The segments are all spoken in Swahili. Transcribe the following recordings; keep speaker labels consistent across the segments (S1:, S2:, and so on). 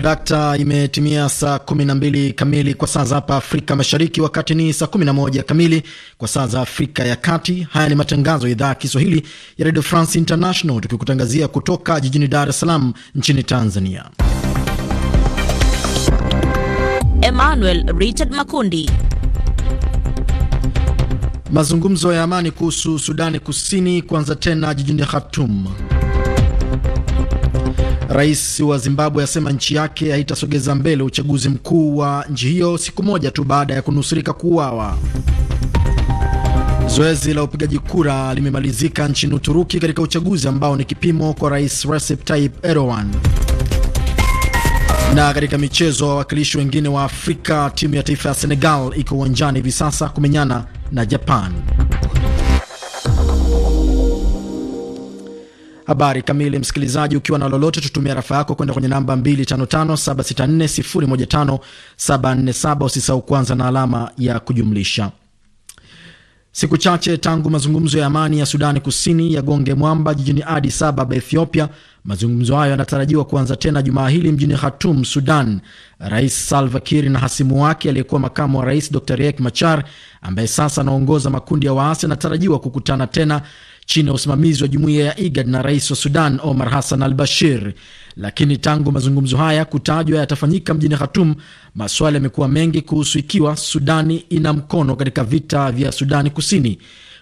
S1: dakta imetimia saa 12 kamili kwa saa za hapa Afrika Mashariki, wakati ni saa 11 kamili kwa saa za Afrika ya Kati. Haya ni matangazo ya idhaa ya Kiswahili ya Radio France International, tukikutangazia kutoka jijini Dar es Salaam nchini Tanzania. Emmanuel Richard Makundi. Mazungumzo ya amani kuhusu Sudani Kusini kuanza tena jijini Khartoum. Rais wa Zimbabwe asema nchi yake haitasogeza mbele uchaguzi mkuu wa nchi hiyo siku moja tu baada ya kunusurika kuuawa. Zoezi la upigaji kura limemalizika nchini Uturuki katika uchaguzi ambao ni kipimo kwa Rais Recep Tayyip Erdogan. Na katika michezo, wawakilishi wengine wa Afrika, timu ya taifa ya Senegal iko uwanjani hivi sasa kumenyana na Japan. Habari kamili, msikilizaji, ukiwa na lolote, tutumia rafa yako kwenda kwenye namba 255764015747. Usisahau kwanza na alama ya kujumlisha. Siku chache tangu mazungumzo ya amani ya Sudani Kusini yagonge mwamba jijini Addis Ababa, Ethiopia, mazungumzo hayo yanatarajiwa kuanza tena jumaa hili mjini Khartoum, Sudan. Rais Salva Kiir na hasimu wake aliyekuwa makamu wa rais Dr Riek Machar, ambaye sasa anaongoza makundi ya waasi, anatarajiwa kukutana tena chini ya usimamizi wa jumuiya ya IGAD na rais wa Sudan Omar Hassan al Bashir. Lakini tangu mazungumzo haya kutajwa yatafanyika mjini Khartoum, maswali yamekuwa mengi kuhusu ikiwa Sudani ina mkono katika vita vya Sudani Kusini.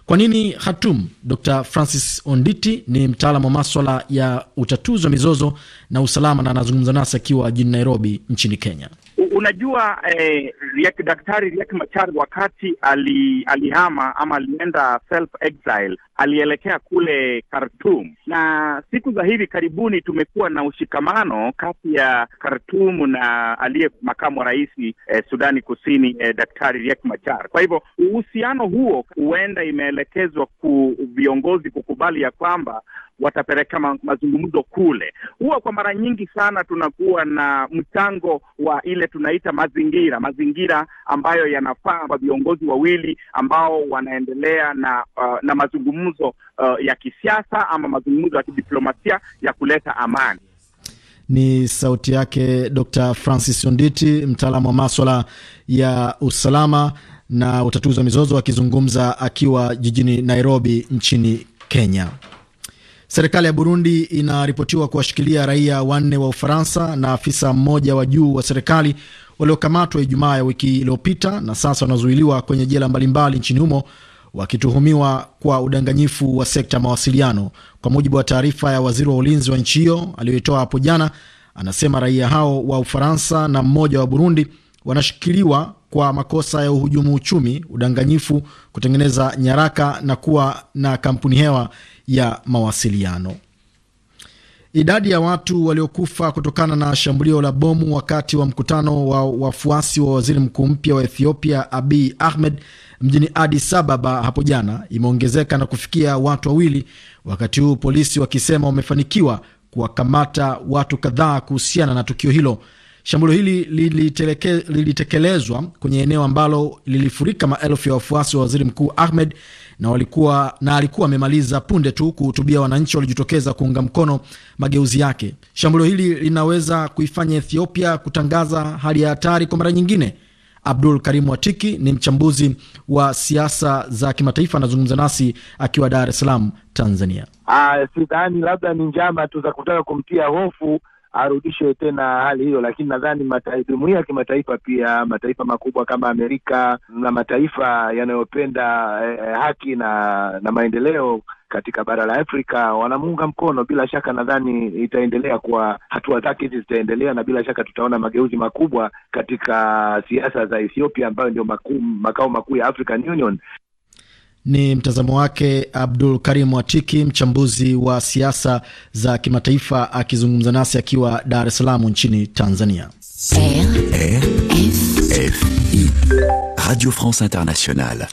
S1: Kwa nini Khartoum? Dr Francis Onditi ni mtaalamu wa maswala ya utatuzi wa mizozo na usalama, na anazungumza nasi akiwa jijini Nairobi nchini Kenya.
S2: Unajua eh, Daktari Riek Machar wakati ali, alihama ama alienda self exile, alielekea kule Khartoum, na siku za hivi karibuni tumekuwa na ushikamano kati ya Khartoum na aliye makamu wa rais eh, Sudani Kusini eh, Daktari Riek Machar. Kwa hivyo uhusiano huo huenda imeelekezwa ku viongozi kukubali ya kwamba watapeleka ma mazungumzo kule. Huwa kwa mara nyingi sana tunakuwa na mchango wa ile tunaita mazingira, mazingira ambayo yanafaa kwa viongozi wawili ambao wanaendelea na uh, na mazungumzo uh, ya kisiasa ama mazungumzo ya kidiplomasia ya kuleta amani.
S1: Ni sauti yake Dr. Francis Onditi, mtaalamu wa maswala ya usalama na utatuzi wa mizozo, akizungumza akiwa jijini Nairobi nchini Kenya. Serikali ya Burundi inaripotiwa kuwashikilia raia wanne wa Ufaransa na afisa mmoja wa juu wa serikali waliokamatwa Ijumaa ya wiki iliyopita na sasa wanazuiliwa kwenye jela mbalimbali nchini humo wakituhumiwa kwa udanganyifu wa sekta mawasiliano. Kwa mujibu wa taarifa ya waziri wa ulinzi wa nchi hiyo aliyoitoa hapo jana, anasema raia hao wa Ufaransa na mmoja wa Burundi wanashikiliwa kwa makosa ya uhujumu uchumi, udanganyifu, kutengeneza nyaraka na kuwa na kampuni hewa ya mawasiliano. Idadi ya watu waliokufa kutokana na shambulio la bomu wakati wa mkutano wa wafuasi wa waziri mkuu mpya wa Ethiopia Abiy Ahmed mjini Addis Ababa hapo jana imeongezeka na kufikia watu wawili, wakati huu polisi wakisema wamefanikiwa kuwakamata watu kadhaa kuhusiana na tukio hilo. Shambulio hili lilitekelezwa kwenye eneo ambalo lilifurika maelfu ya wafuasi wa waziri mkuu Ahmed na walikuwa na alikuwa amemaliza punde tu kuhutubia wananchi waliojitokeza kuunga mkono mageuzi yake. Shambulio hili linaweza kuifanya Ethiopia kutangaza hali ya hatari kwa mara nyingine. Abdul Karim Watiki ni mchambuzi wa siasa za kimataifa, anazungumza nasi akiwa Dar es Salaam, Tanzania.
S2: Ah, sidhani, labda ni njama tu za kutaka kumtia hofu arudishe tena hali hiyo, lakini nadhani jumuia ya kimataifa pia mataifa makubwa kama Amerika na mataifa yanayopenda eh, haki na na maendeleo katika bara la Afrika wanamuunga mkono. Bila shaka nadhani itaendelea kwa hatua zake hizi zitaendelea, na bila shaka tutaona mageuzi makubwa katika siasa za Ethiopia ambayo ndio makao makuu ya African Union.
S1: Ni mtazamo wake Abdul Karim Watiki, mchambuzi wa siasa za kimataifa, akizungumza nasi akiwa Dar es Salaam nchini Tanzania.
S3: RFI Radio France Internationale.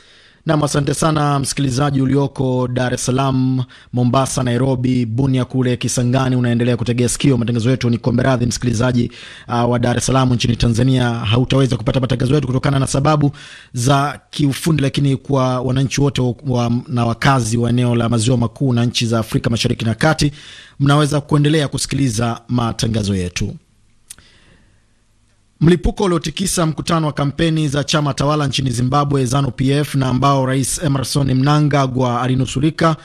S1: Nam, asante sana msikilizaji ulioko Dar es Salaam, Mombasa, Nairobi, Bunia kule Kisangani. Unaendelea kutegea sikio matangazo yetu. Ni komberadhi radhi msikilizaji uh, wa Dar es Salaam nchini Tanzania, hautaweza kupata matangazo yetu kutokana na sababu za kiufundi, lakini kwa wananchi wote wa, na wakazi wa eneo la maziwa makuu na nchi za Afrika mashariki na kati, mnaweza kuendelea kusikiliza matangazo yetu. Mlipuko uliotikisa mkutano wa kampeni za chama tawala nchini Zimbabwe Zanu PF na ambao Rais Emerson Mnangagwa alinusurika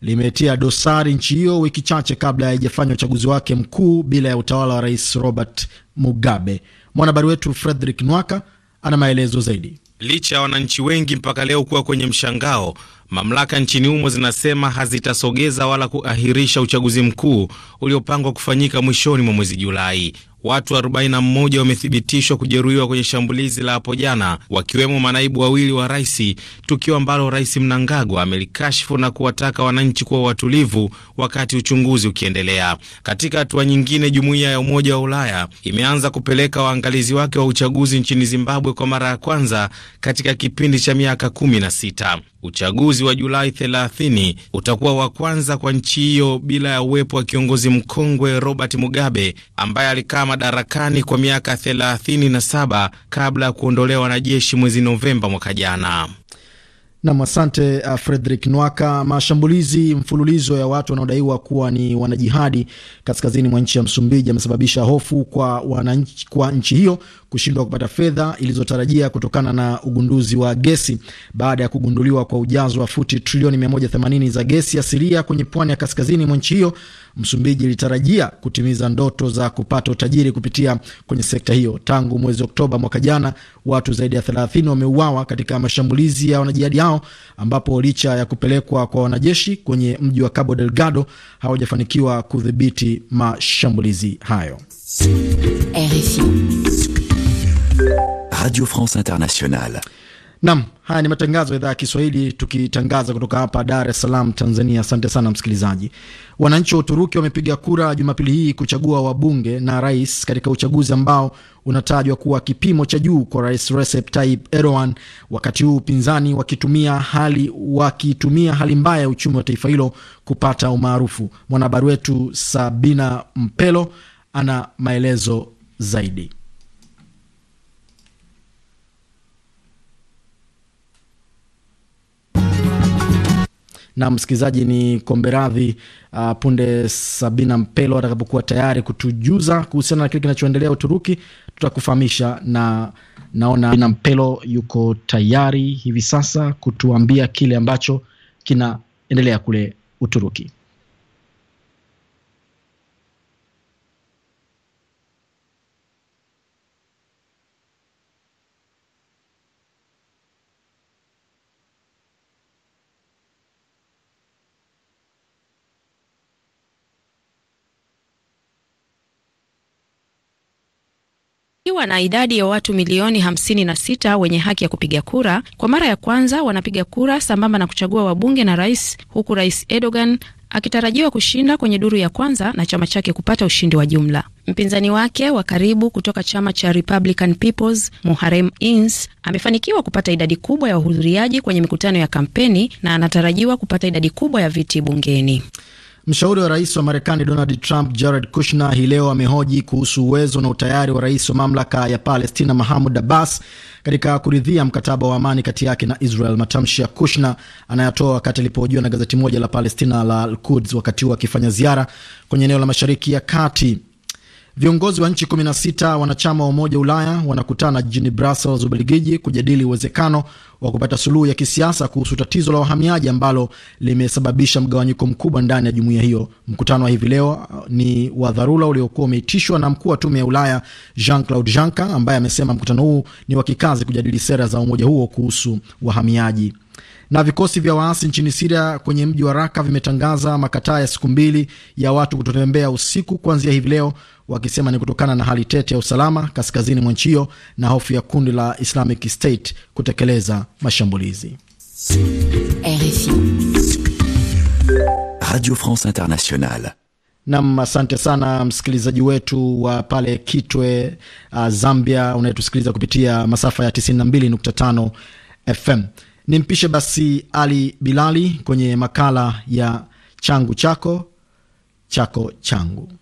S1: limetia dosari nchi hiyo wiki chache kabla haijafanya uchaguzi wake mkuu bila ya utawala wa Rais Robert Mugabe. Mwanahabari wetu Frederick Nwaka ana maelezo zaidi.
S4: Licha ya wananchi wengi mpaka leo kuwa kwenye mshangao, mamlaka nchini humo zinasema hazitasogeza wala kuahirisha uchaguzi mkuu uliopangwa kufanyika mwishoni mwa mwezi Julai watu 41 wamethibitishwa kujeruhiwa kwenye shambulizi la hapo jana, wakiwemo manaibu wawili wa rais, tukio ambalo Rais Mnangagwa amelikashifu na kuwataka wananchi kuwa watulivu wakati uchunguzi ukiendelea. Katika hatua nyingine, jumuiya ya Umoja wa Ulaya imeanza kupeleka waangalizi wake wa uchaguzi nchini Zimbabwe kwa mara ya kwanza katika kipindi cha miaka 16 uchaguzi wa Julai 30 utakuwa wa kwanza kwa nchi hiyo bila ya uwepo wa kiongozi mkongwe Robert Mugabe ambaye alikaa madarakani kwa miaka 37 kabla ya kuondolewa na jeshi mwezi Novemba mwaka jana.
S1: Nam, asante uh, Frederick Nwaka. Mashambulizi mfululizo ya watu wanaodaiwa kuwa ni wanajihadi kaskazini mwa nchi ya Msumbiji yamesababisha hofu kwa wananchi, kwa nchi hiyo kushindwa kupata fedha ilizotarajia kutokana na ugunduzi wa gesi baada ya kugunduliwa kwa ujazo wa futi trilioni 180 za gesi asilia kwenye pwani ya kaskazini mwa nchi hiyo. Msumbiji ilitarajia kutimiza ndoto za kupata utajiri kupitia kwenye sekta hiyo. Tangu mwezi Oktoba mwaka jana, watu zaidi ya 30 wameuawa katika mashambulizi ya wanajihadi hao, ambapo licha ya kupelekwa kwa wanajeshi kwenye mji wa Cabo Delgado hawajafanikiwa kudhibiti mashambulizi hayo. RFI. Radio France
S3: Internationale.
S1: Nam, haya ni matangazo ya idhaa ya Kiswahili tukitangaza kutoka hapa Dar es Salaam, Tanzania. Asante sana msikilizaji. Wananchi wa Uturuki wamepiga kura Jumapili hii kuchagua wabunge na rais katika uchaguzi ambao unatajwa kuwa kipimo cha juu kwa Rais Recep Tayyip Erdogan, wakati huu upinzani wakitumia hali, wakitumia hali mbaya ya uchumi wa taifa hilo kupata umaarufu. Mwanahabari wetu Sabina Mpelo ana maelezo zaidi. na msikilizaji ni kombe radhi. Uh, punde Sabina Mpelo atakapokuwa tayari kutujuza kuhusiana na kile kinachoendelea Uturuki tutakufahamisha, na naona Sabina Mpelo yuko tayari hivi sasa kutuambia kile ambacho kinaendelea kule Uturuki.
S4: Wakiwa na idadi ya watu milioni 56 wenye haki ya kupiga kura, kwa mara ya kwanza wanapiga kura sambamba na kuchagua wabunge na rais, huku Rais Erdogan akitarajiwa kushinda kwenye duru ya kwanza na chama chake kupata ushindi wa jumla. Mpinzani wake wa karibu kutoka chama cha Republican Peoples Muharrem Ince amefanikiwa kupata idadi kubwa ya wahudhuriaji kwenye mikutano ya kampeni na anatarajiwa kupata idadi kubwa
S1: ya viti bungeni. Mshauri wa rais wa Marekani Donald Trump Jared Kushner hii leo amehoji kuhusu uwezo na utayari wa rais wa mamlaka ya Palestina Mahmud Abbas katika kuridhia mkataba wa amani kati yake na Israel. Matamshi ya Kushner anayatoa wakati alipohojiwa na gazeti moja la Palestina la Al Quds wakati huo akifanya ziara kwenye eneo la Mashariki ya Kati. Viongozi wa nchi 16 wanachama wa Umoja Ulaya wanakutana jijini Brussels, Ubelgiji, kujadili uwezekano wa kupata suluhu ya kisiasa kuhusu tatizo la wahamiaji ambalo limesababisha mgawanyiko mkubwa ndani ya jumuiya hiyo. Mkutano wa hivi leo uh, ni wa dharura uliokuwa umeitishwa na mkuu wa tume ya Ulaya Jean Claude Juncker, ambaye amesema mkutano huu ni wa kikazi kujadili sera za umoja huo kuhusu wahamiaji na vikosi vya waasi nchini Siria kwenye mji wa Raka vimetangaza makataa ya siku mbili ya watu kutotembea usiku kuanzia hivi leo, wakisema ni kutokana na hali tete ya usalama kaskazini mwa nchi hiyo na hofu ya kundi la Islamic State kutekeleza mashambulizi.
S5: RFI
S3: Radio France Internationale.
S1: Nam, asante sana msikilizaji wetu wa pale Kitwe, uh, Zambia, unayetusikiliza kupitia masafa ya 92.5 FM. ni mpishe basi Ali Bilali kwenye makala ya changu chako chako changu.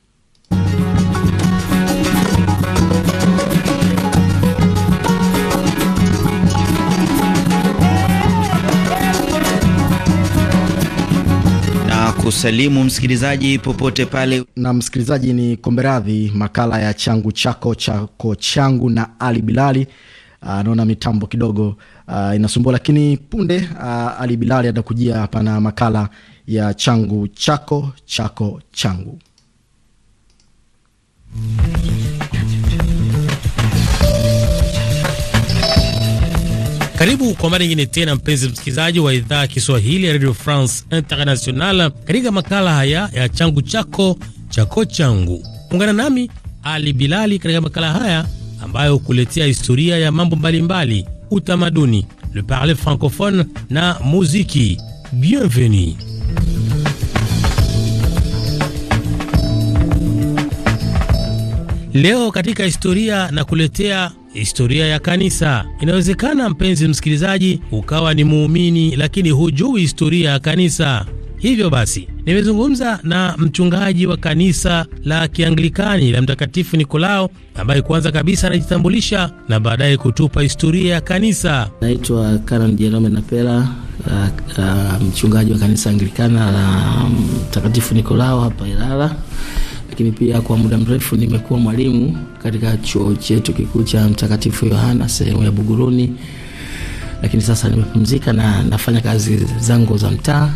S5: kusalimu msikilizaji popote pale.
S1: Na msikilizaji, ni komberadhi makala ya changu chako chako changu na Ali Bilali. Anaona ah, mitambo kidogo uh, inasumbua, lakini punde uh, Ali Bilali atakujia hapa na makala ya changu chako chako changu.
S6: Karibu kwa mara nyingine tena, mpenzi msikilizaji wa idhaa ya Kiswahili ya Radio France International, katika makala haya ya changu chako chako changu. Ungana nami Ali Bilali katika makala haya ambayo kuletea historia ya mambo mbalimbali mbali, utamaduni, le parler francophone na muziki. Bienvenue. Leo katika historia na kuletea historia ya kanisa. Inawezekana mpenzi msikilizaji, ukawa ni muumini lakini hujui historia ya kanisa. Hivyo basi nimezungumza na mchungaji wa kanisa la Kianglikani la Mtakatifu Nikolao ambaye kwanza kabisa anajitambulisha na baadaye kutupa historia ya kanisa.
S5: Naitwa Karan Jerome Napela, mchungaji wa kanisa Anglikana la mm, Mtakatifu Nikolao hapa Ilala lakini pia kwa muda mrefu nimekuwa mwalimu katika chuo chetu kikuu cha Mtakatifu Yohana sehemu ya Buguruni, lakini sasa nimepumzika na nafanya kazi zangu za mtaa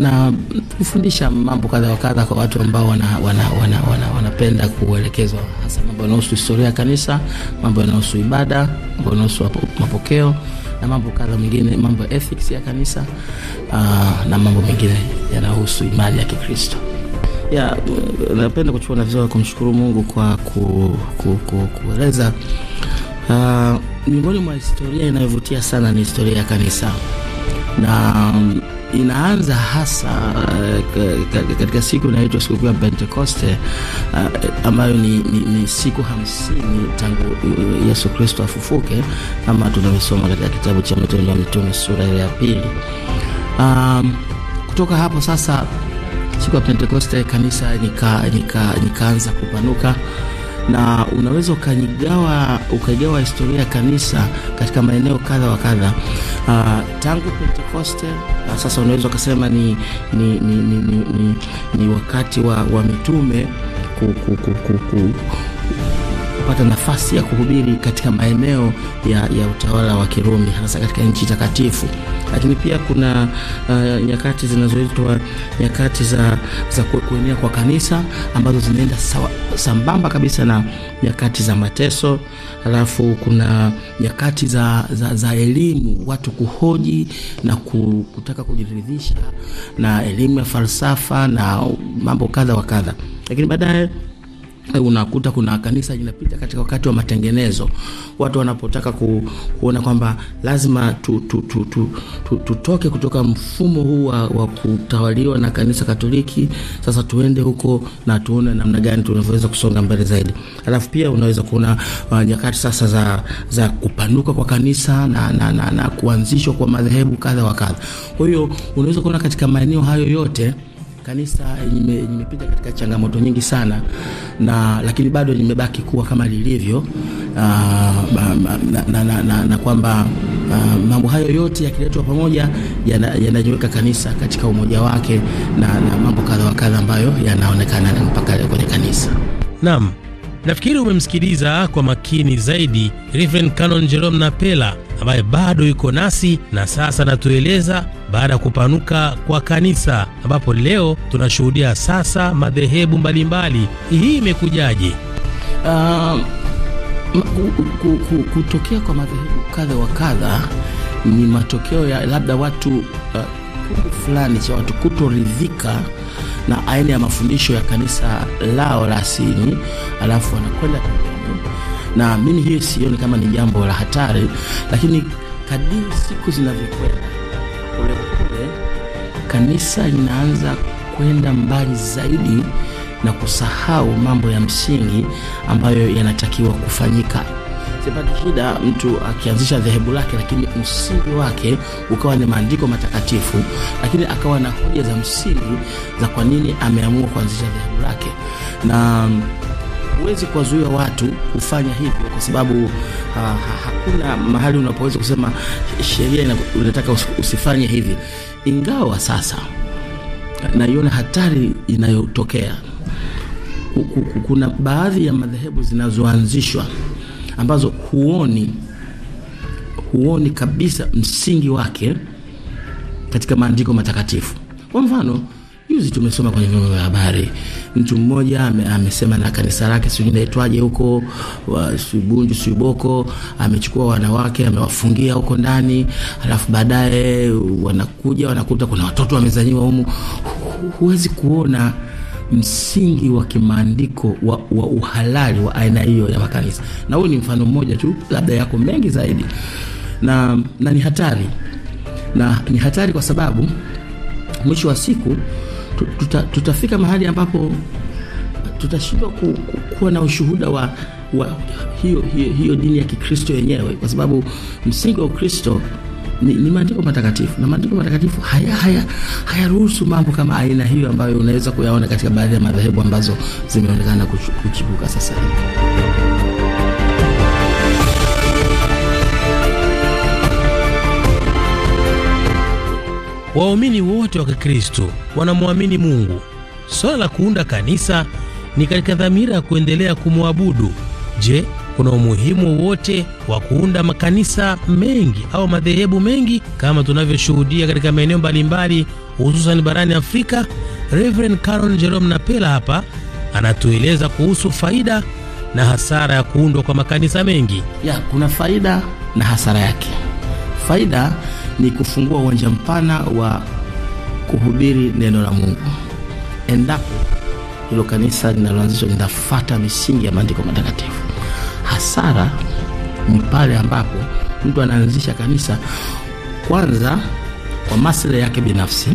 S5: na kufundisha mambo kadha wa kadha kwa watu ambao wanapenda wana, wana, wana, wana kuelekezwa, hasa mambo yanahusu historia ya kanisa, mambo yanahusu ibada, mambo yanahusu mapokeo na mambo kadha mengine, mambo ethics ya kanisa aa, ah, na mambo mengine yanayohusu imani ya Kikristo ya napenda kuchukua nafasi ya kumshukuru Mungu kwa ku, ku, ku, kueleza uh, miongoni mwa historia inayovutia sana ni historia ya kanisa na mm, inaanza hasa uh, katika siku inaitwa sikukuu ya Pentekoste uh, ambayo ni, ni, ni siku hamsini tangu uh, Yesu Kristo afufuke kama tunavyosoma katika kitabu cha Matendo ya Mitume sura ya pili. Um, kutoka hapo sasa siku ya Pentekoste kanisa nikaanza nika, nika kupanuka na unaweza ukaigawa ukaigawa historia ya kanisa katika maeneo kadha wa kadha uh, tangu Pentekoste uh, sasa unaweza ukasema ni, ni, ni, ni, ni, ni, ni wakati wa, wa mitume ku, ku, ku, ku, ku kupata nafasi ya kuhubiri katika maeneo ya, ya utawala wa Kirumi hasa katika nchi takatifu. Lakini pia kuna uh, nyakati zinazoitwa nyakati za, za kuenea kwa kanisa ambazo zinaenda sambamba kabisa na nyakati za mateso. Alafu kuna nyakati za, za, za elimu, watu kuhoji na kutaka kujiridhisha na elimu ya falsafa na mambo kadha wa kadha, lakini baadaye Eh, unakuta kuna kanisa linapita katika wakati wa matengenezo, watu wanapotaka ku, kuona kwamba lazima tu, tu, tu, tu, tu, tutoke kutoka mfumo huu wa, wa kutawaliwa na kanisa Katoliki. Sasa tuende huko na tuone namna gani tunavyoweza kusonga mbele zaidi. Alafu pia unaweza kuona uh, nyakati sasa za, za kupanuka kwa kanisa na, na, na, na kuanzishwa kwa madhehebu kadha wa kadha. Kwa hiyo unaweza kuona katika maeneo hayo yote kanisa limepita nime katika changamoto nyingi sana na lakini bado limebaki kuwa kama lilivyo, ah, na, na, na, na, na kwamba ah, mambo hayo yote yakiletwa pamoja yanajiweka yana kanisa katika umoja wake na, na mambo kadha wa kadha ambayo yanaonekana mpaka kwenye
S6: kanisa. Naam, nafikiri umemsikiliza kwa makini zaidi Reverend Canon Jerome Napela ambaye bado yuko nasi na sasa anatueleza baada ya kupanuka kwa kanisa, ambapo leo tunashuhudia sasa madhehebu mbalimbali. Hii imekujaje?
S5: Uh, kutokea kwa madhehebu kadha wa kadha ni matokeo ya labda watu uh, fulani cha watu kutoridhika na aina ya mafundisho ya kanisa lao la asili, alafu wanakwenda na mimi hiyo sioni kama ni jambo la hatari, lakini kadiri siku zinavyokwenda polepole, kanisa linaanza kwenda mbali zaidi na kusahau mambo ya msingi ambayo yanatakiwa kufanyika. Sipati shida mtu akianzisha dhehebu lake, lakini msingi wake ukawa ni maandiko matakatifu, lakini akawa na hoja za msingi za kwa nini ameamua kuanzisha dhehebu lake na huwezi kuwazuia watu kufanya hivyo, kwa sababu uh, ha, hakuna mahali unapoweza kusema sheria inataka usifanye hivi, ingawa sasa naiona hatari inayotokea Kuna baadhi ya madhehebu zinazoanzishwa ambazo huoni huoni kabisa msingi wake katika maandiko matakatifu. Kwa mfano Juzi tumesoma kwenye vyombo vya habari, mtu mmoja amesema na kanisa lake sijui inaitwaje huko Subunju suboko amechukua wanawake amewafungia huko ndani, alafu baadaye wanakuja wanakuta kuna watoto wamezanyiwa humu. Huwezi kuona msingi wa kimaandiko wa, wa uhalali wa aina hiyo ya makanisa, na huyu ni mfano mmoja tu, labda yako mengi zaidi, na, na ni hatari na ni hatari kwa sababu mwisho wa siku tuta, tutafika mahali ambapo tutashindwa ku, ku, kuwa na ushuhuda wa, wa hiyo, hiyo, hiyo dini ya Kikristo yenyewe, kwa sababu msingi wa Ukristo ni, ni maandiko matakatifu na maandiko matakatifu hayaruhusu haya, haya mambo kama aina hiyo ambayo unaweza kuyaona katika baadhi ya madhehebu ambazo zimeonekana kuchipuka sasa hivi.
S6: Waumini wote wa Kikristo wanamwamini Mungu. Swala la kuunda kanisa ni katika dhamira ya kuendelea kumwabudu. Je, kuna umuhimu wowote wa kuunda makanisa mengi au madhehebu mengi kama tunavyoshuhudia katika maeneo mbalimbali, hususan barani Afrika? Reverend Caron Jerome Napela hapa anatueleza kuhusu faida na hasara ya kuundwa kwa makanisa mengi.
S5: Ya, kuna faida
S6: na hasara yake. Faida
S5: ni kufungua uwanja mpana wa kuhubiri neno la Mungu endapo hilo kanisa linaloanzishwa linafuata misingi ya maandiko matakatifu. Hasara ni pale ambapo mtu anaanzisha kanisa kwanza kwa maslahi yake binafsi,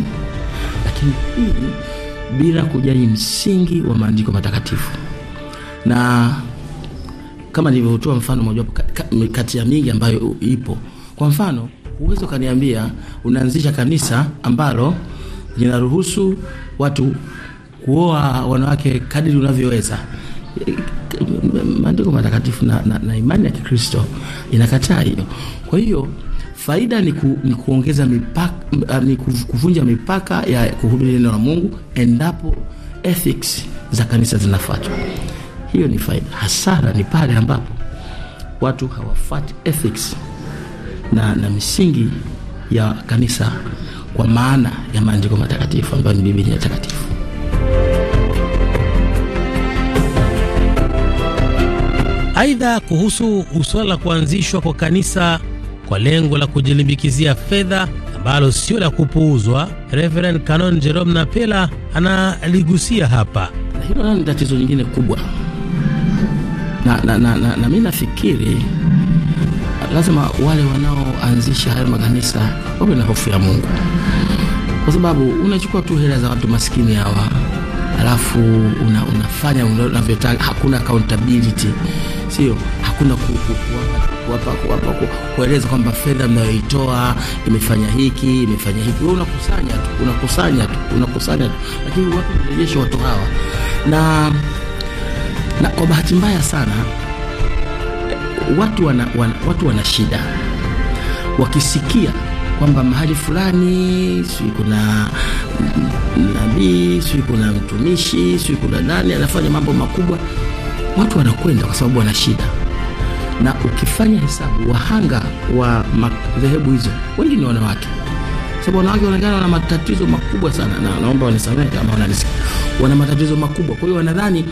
S5: lakini pili bila kujali msingi wa maandiko matakatifu. Na kama nilivyotoa mfano mojawapo kati ya mingi ambayo ipo, kwa mfano Uwezo kaniambia unaanzisha kanisa ambalo linaruhusu watu kuoa wanawake kadiri unavyoweza. Maandiko matakatifu na, na, na imani ya Kikristo inakataa hiyo. Kwa hiyo faida ni, ku, ni kuongeza mipaka, ni kuvunja mipaka ya kuhubiri neno la Mungu endapo ethics za kanisa zinafuatwa. Hiyo ni faida. Hasara ni pale ambapo watu hawafuati ethics na, na misingi ya kanisa kwa maana ya maandiko matakatifu ambayo ni Biblia takatifu.
S6: Aidha, kuhusu suala la kuanzishwa kwa kanisa kwa lengo la kujilimbikizia fedha ambalo sio la kupuuzwa, Reverend Canon Jerome Napela analigusia hapa.
S5: Hilo ni tatizo nyingine kubwa, na, na, na, na, na mi nafikiri lazima wale wanaoanzisha hayo makanisa wawe na hofu ya Mungu, kwa sababu unachukua tu hela za watu maskini hawa alafu una, unafanya unavyotaka. Hakuna accountability, sio? Hakuna kuwapa kueleza kwamba fedha mnayoitoa imefanya hiki imefanya hiki. Wewe unakusanya tu unakusanya tu unakusanya tu, lakini wapi mrejesho watu hawa? Na, na kwa bahati mbaya sana watu wana, wana, watu wana shida wakisikia kwamba mahali fulani sijui kuna nabii sijui kuna mtumishi sijui kuna nani anafanya mambo makubwa, watu wanakwenda kwa sababu wana shida. Na ukifanya hesabu, wahanga wa madhehebu hizo wengi ni wanawake, sababu wanawake wanaonekana wana matatizo makubwa sana, na naomba wanisamehe kama wananisikia, wana matatizo makubwa. Kwa hiyo wanadhani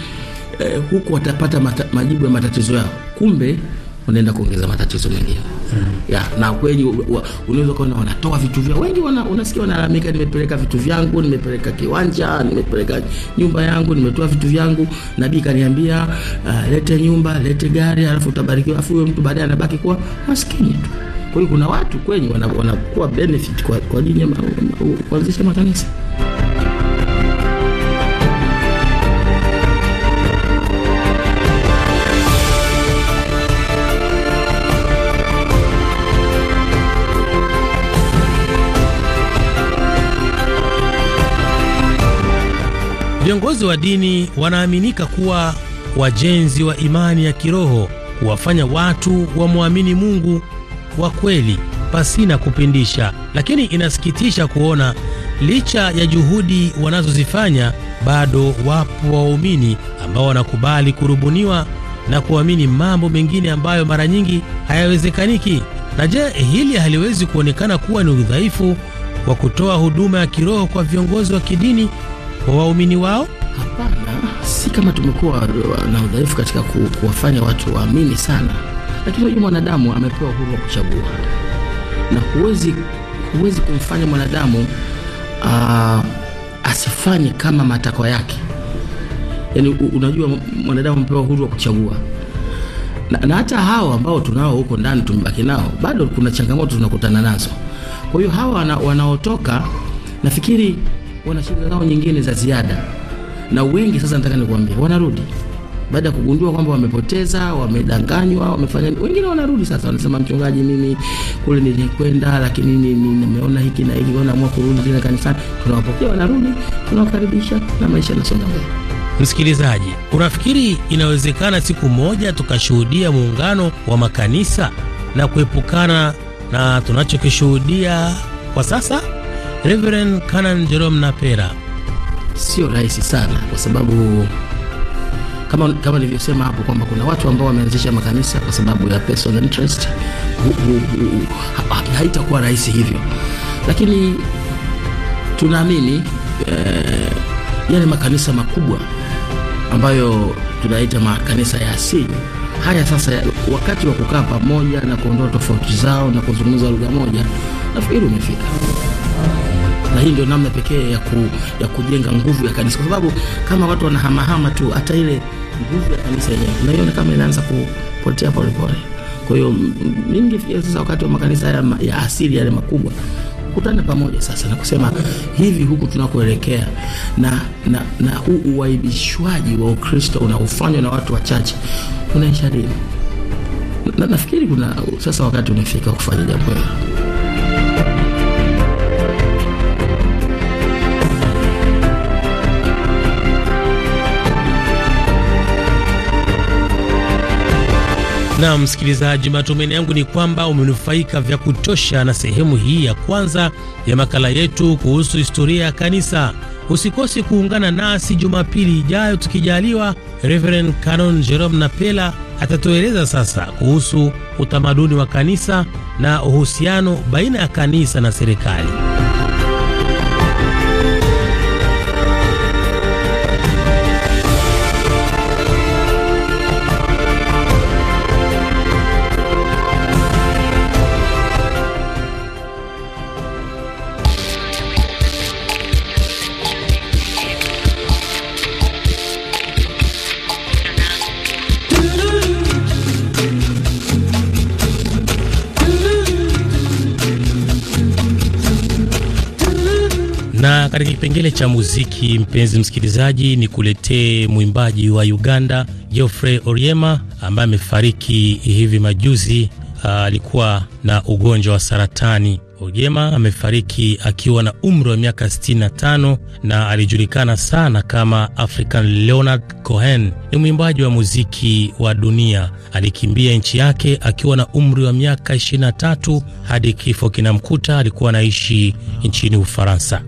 S5: eh, huku watapata mata, majibu ya matatizo yao, kumbe unaenda kuongeza matatizo mengine mm. ya na kweli unaweza kuona wanatoa vitu vyao wengi wana, unasikia wanalalamika, nimepeleka vitu vyangu, nimepeleka kiwanja, nimepeleka nyumba yangu, nimetoa vitu vyangu, nabii kaniambia uh, lete nyumba, lete gari, alafu utabarikiwa, alafu huyo mtu baadaye anabaki kuwa maskini tu. Kwa hiyo kuna watu kweli wanakuwa benefit kwa, kwa dini ya kuanzisha makanisa.
S6: Viongozi wa dini wanaaminika kuwa wajenzi wa imani ya kiroho, kuwafanya watu wamwamini Mungu wa kweli pasina kupindisha. Lakini inasikitisha kuona licha ya juhudi wanazozifanya, bado wapo waumini ambao wanakubali kurubuniwa na kuamini mambo mengine ambayo mara nyingi hayawezekaniki. Na je, hili haliwezi kuonekana kuwa ni udhaifu wa kutoa huduma ya kiroho kwa viongozi wa kidini kwa waumini wao?
S5: Hapana,
S6: si kama tumekuwa
S5: na udhaifu katika ku, kuwafanya watu waamini sana, lakini unajua mwanadamu amepewa uhuru wa kuchagua na huwezi, huwezi kumfanya mwanadamu uh, asifanye kama matakwa yake. Yani unajua mwanadamu amepewa uhuru wa kuchagua na, na hata hao ambao tunao huko ndani tumebaki nao, bado kuna changamoto tunakutana nazo. Kwa hiyo hawa wanaotoka nafikiri wana shida zao nyingine za ziada, na wengi sasa, nataka nikuambia, wanarudi baada ya kugundua kwamba wamepoteza, wamedanganywa, wamefanya. Wengine wanarudi sasa, wanasema mchungaji, mimi kule nilikwenda, lakini nimeona hiki na hiki, naamua kurudi tena kanisani. Tunawapokea, wanarudi, tunawakaribisha na maisha yanasonga mbele.
S6: Msikilizaji, unafikiri inawezekana siku moja tukashuhudia muungano wa makanisa na kuepukana na tunachokishuhudia kwa sasa? Reverend Canon Jerome Napera.
S5: Sio rahisi sana kwa sababu kama kama nilivyosema hapo kwamba kuna watu ambao wameanzisha makanisa kwa sababu ya personal interest. Haitakuwa rahisi hivyo, lakini tunaamini eh, yale makanisa makubwa ambayo tunaita makanisa ya asili haya sasa, wakati wa kukaa pamoja na kuondoa tofauti zao na kuzungumza lugha moja, nafikiri umefika na hii ndio namna pekee ya, ku, ya kujenga nguvu ya kanisa, kwa sababu kama watu wanahamahama tu, hata ile nguvu ya kanisa yenyewe unaiona kama inaanza kupotea polepole. Kwa hiyo mimi sasa, wakati wa makanisa ya, ya asili yale makubwa kutana pamoja sasa na kusema hivi, huku tunakoelekea na, na, na huu uwaibishwaji wa Ukristo unaofanywa na watu wachache unaisha lini? Na nafikiri kuna sasa wakati umefika kufanya jambo hilo.
S6: Na msikilizaji, matumaini yangu ni kwamba umenufaika vya kutosha na sehemu hii ya kwanza ya makala yetu kuhusu historia ya kanisa. Usikosi kuungana nasi Jumapili ijayo tukijaliwa. Reverend Canon Jerome Napela atatueleza sasa kuhusu utamaduni wa kanisa na uhusiano baina ya kanisa na serikali. katika kipengele cha muziki, mpenzi msikilizaji, ni kuletee mwimbaji wa Uganda Geoffrey Oryema ambaye amefariki hivi majuzi. Ah, alikuwa na ugonjwa wa saratani. Oryema amefariki akiwa na umri wa miaka 65 na alijulikana sana kama African Leonard Cohen. Ni mwimbaji wa muziki wa dunia. Alikimbia nchi yake akiwa na umri wa miaka 23 hadi kifo kinamkuta. Alikuwa anaishi nchini Ufaransa.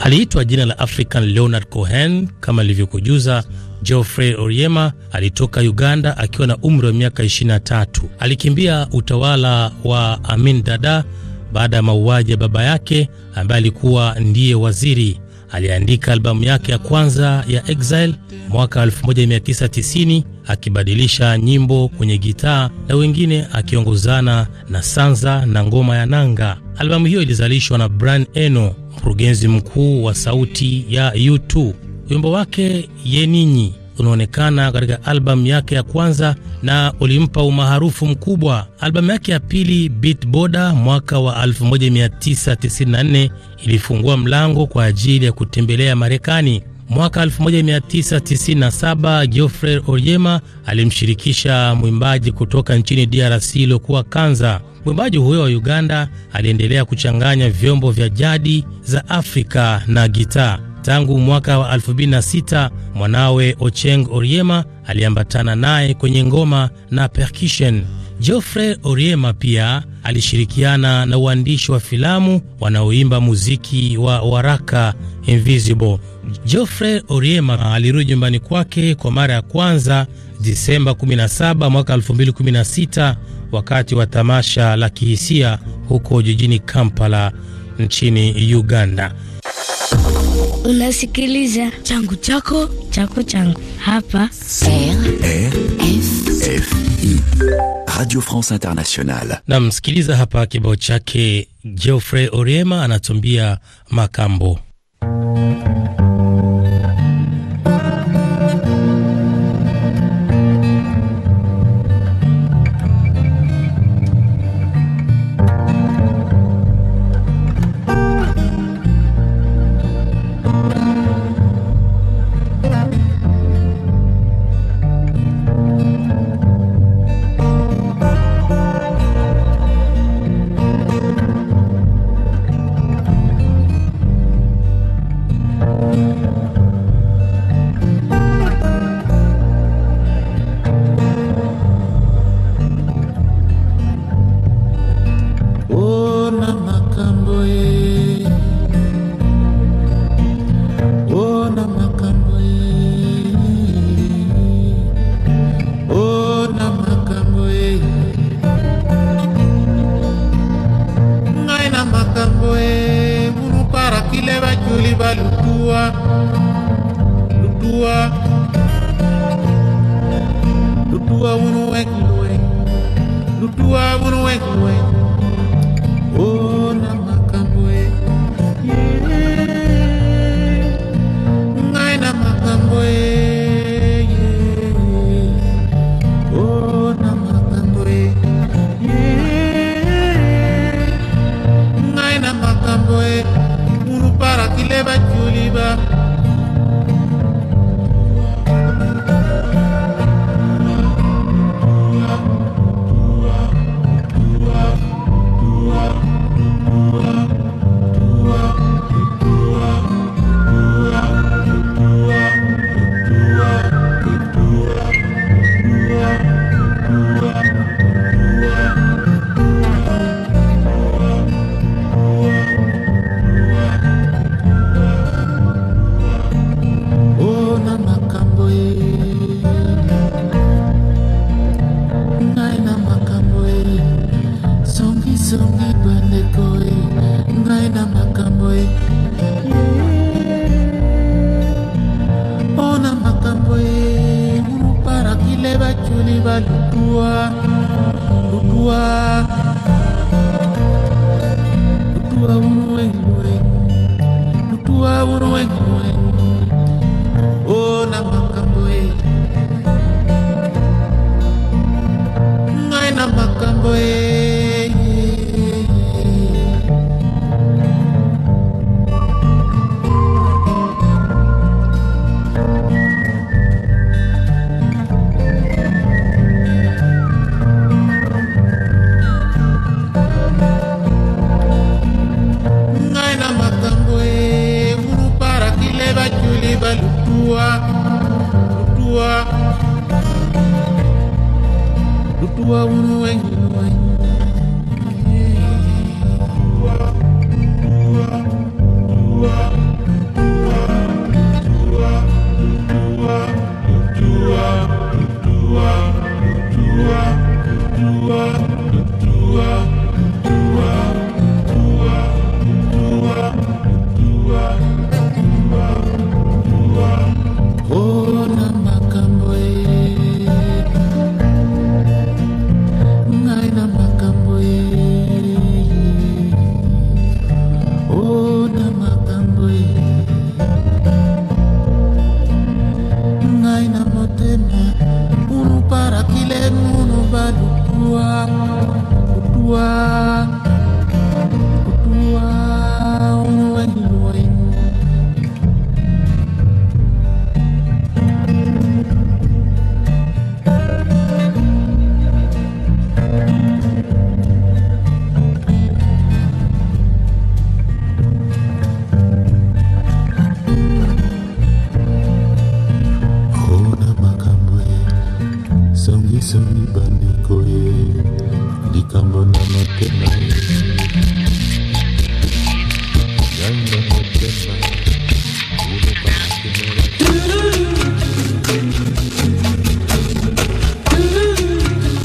S6: Aliitwa jina la African Leonard Cohen kama lilivyokujuza Geoffrey Oryema alitoka Uganda akiwa na umri wa miaka 23. Alikimbia utawala wa Amin Dada baada ya mauaji ya baba yake ambaye alikuwa ndiye waziri. Aliandika albamu yake ya kwanza ya Exile mwaka 1990 akibadilisha nyimbo kwenye gitaa na wengine akiongozana na sanza na ngoma ya nanga. Albamu hiyo ilizalishwa na Brian Eno, mkurugenzi mkuu wa sauti ya U2. Wimbo wake ye ninyi unaonekana katika albamu yake ya kwanza na ulimpa umaarufu mkubwa. Albamu yake ya pili Beat Boda mwaka wa 1994 ilifungua mlango kwa ajili ya kutembelea Marekani. Mwaka 1997 Geoffrey Oryema alimshirikisha mwimbaji kutoka nchini DRC iliyokuwa Kanza. Mwimbaji huyo wa Uganda aliendelea kuchanganya vyombo vya jadi za Afrika na gitaa. Tangu mwaka wa 2006 mwanawe Ocheng Oryema aliambatana naye kwenye ngoma na percussion. Geoffrey Oryema pia alishirikiana na uandishi wa filamu wanaoimba muziki wa Waraka Invisible Geoffrey Oriema alirudi nyumbani kwake kwa mara ya kwanza Disemba 17 mwaka 2016 wakati wa tamasha la kihisia huko jijini Kampala nchini Uganda.
S7: Unasikiliza changu chako chako changu hapa RFI
S3: Radio France Internationale.
S6: Namsikiliza msikiliza hapa kibao chake Geoffrey Oriema anatumbia makambo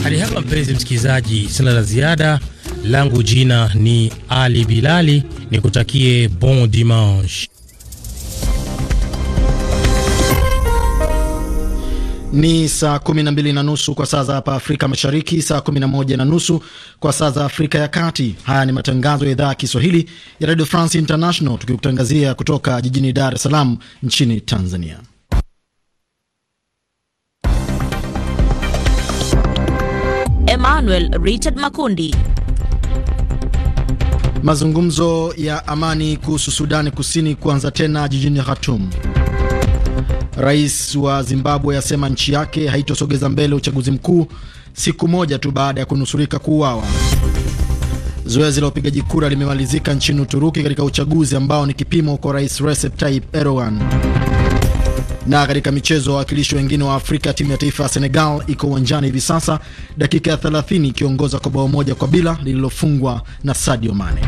S6: Hadi hapa mpenzi msikilizaji, sina la ziada. Langu jina ni Ali Bilali, nikutakie bon dimanche.
S1: Ni saa 12 na nusu kwa saa za hapa Afrika Mashariki, saa 11 na nusu kwa saa za Afrika ya Kati. Haya ni matangazo ya idhaa ya Kiswahili ya Radio France International, tukikutangazia kutoka jijini Dar es Salaam nchini Tanzania.
S5: Emmanuel Richard Makundi.
S1: Mazungumzo ya amani kuhusu Sudani Kusini kuanza tena jijini Khartoum. Rais wa Zimbabwe asema nchi yake haitosogeza mbele uchaguzi mkuu siku moja tu baada ya kunusurika kuuawa. Zoezi la upigaji kura limemalizika nchini Uturuki katika uchaguzi ambao ni kipimo kwa Rais Recep Tayyip Erdogan. Na katika michezo, wawakilishi wengine wa Afrika, timu ya taifa ya Senegal iko uwanjani hivi sasa, dakika ya 30 ikiongoza kwa bao moja kwa bila lililofungwa na Sadio Mane.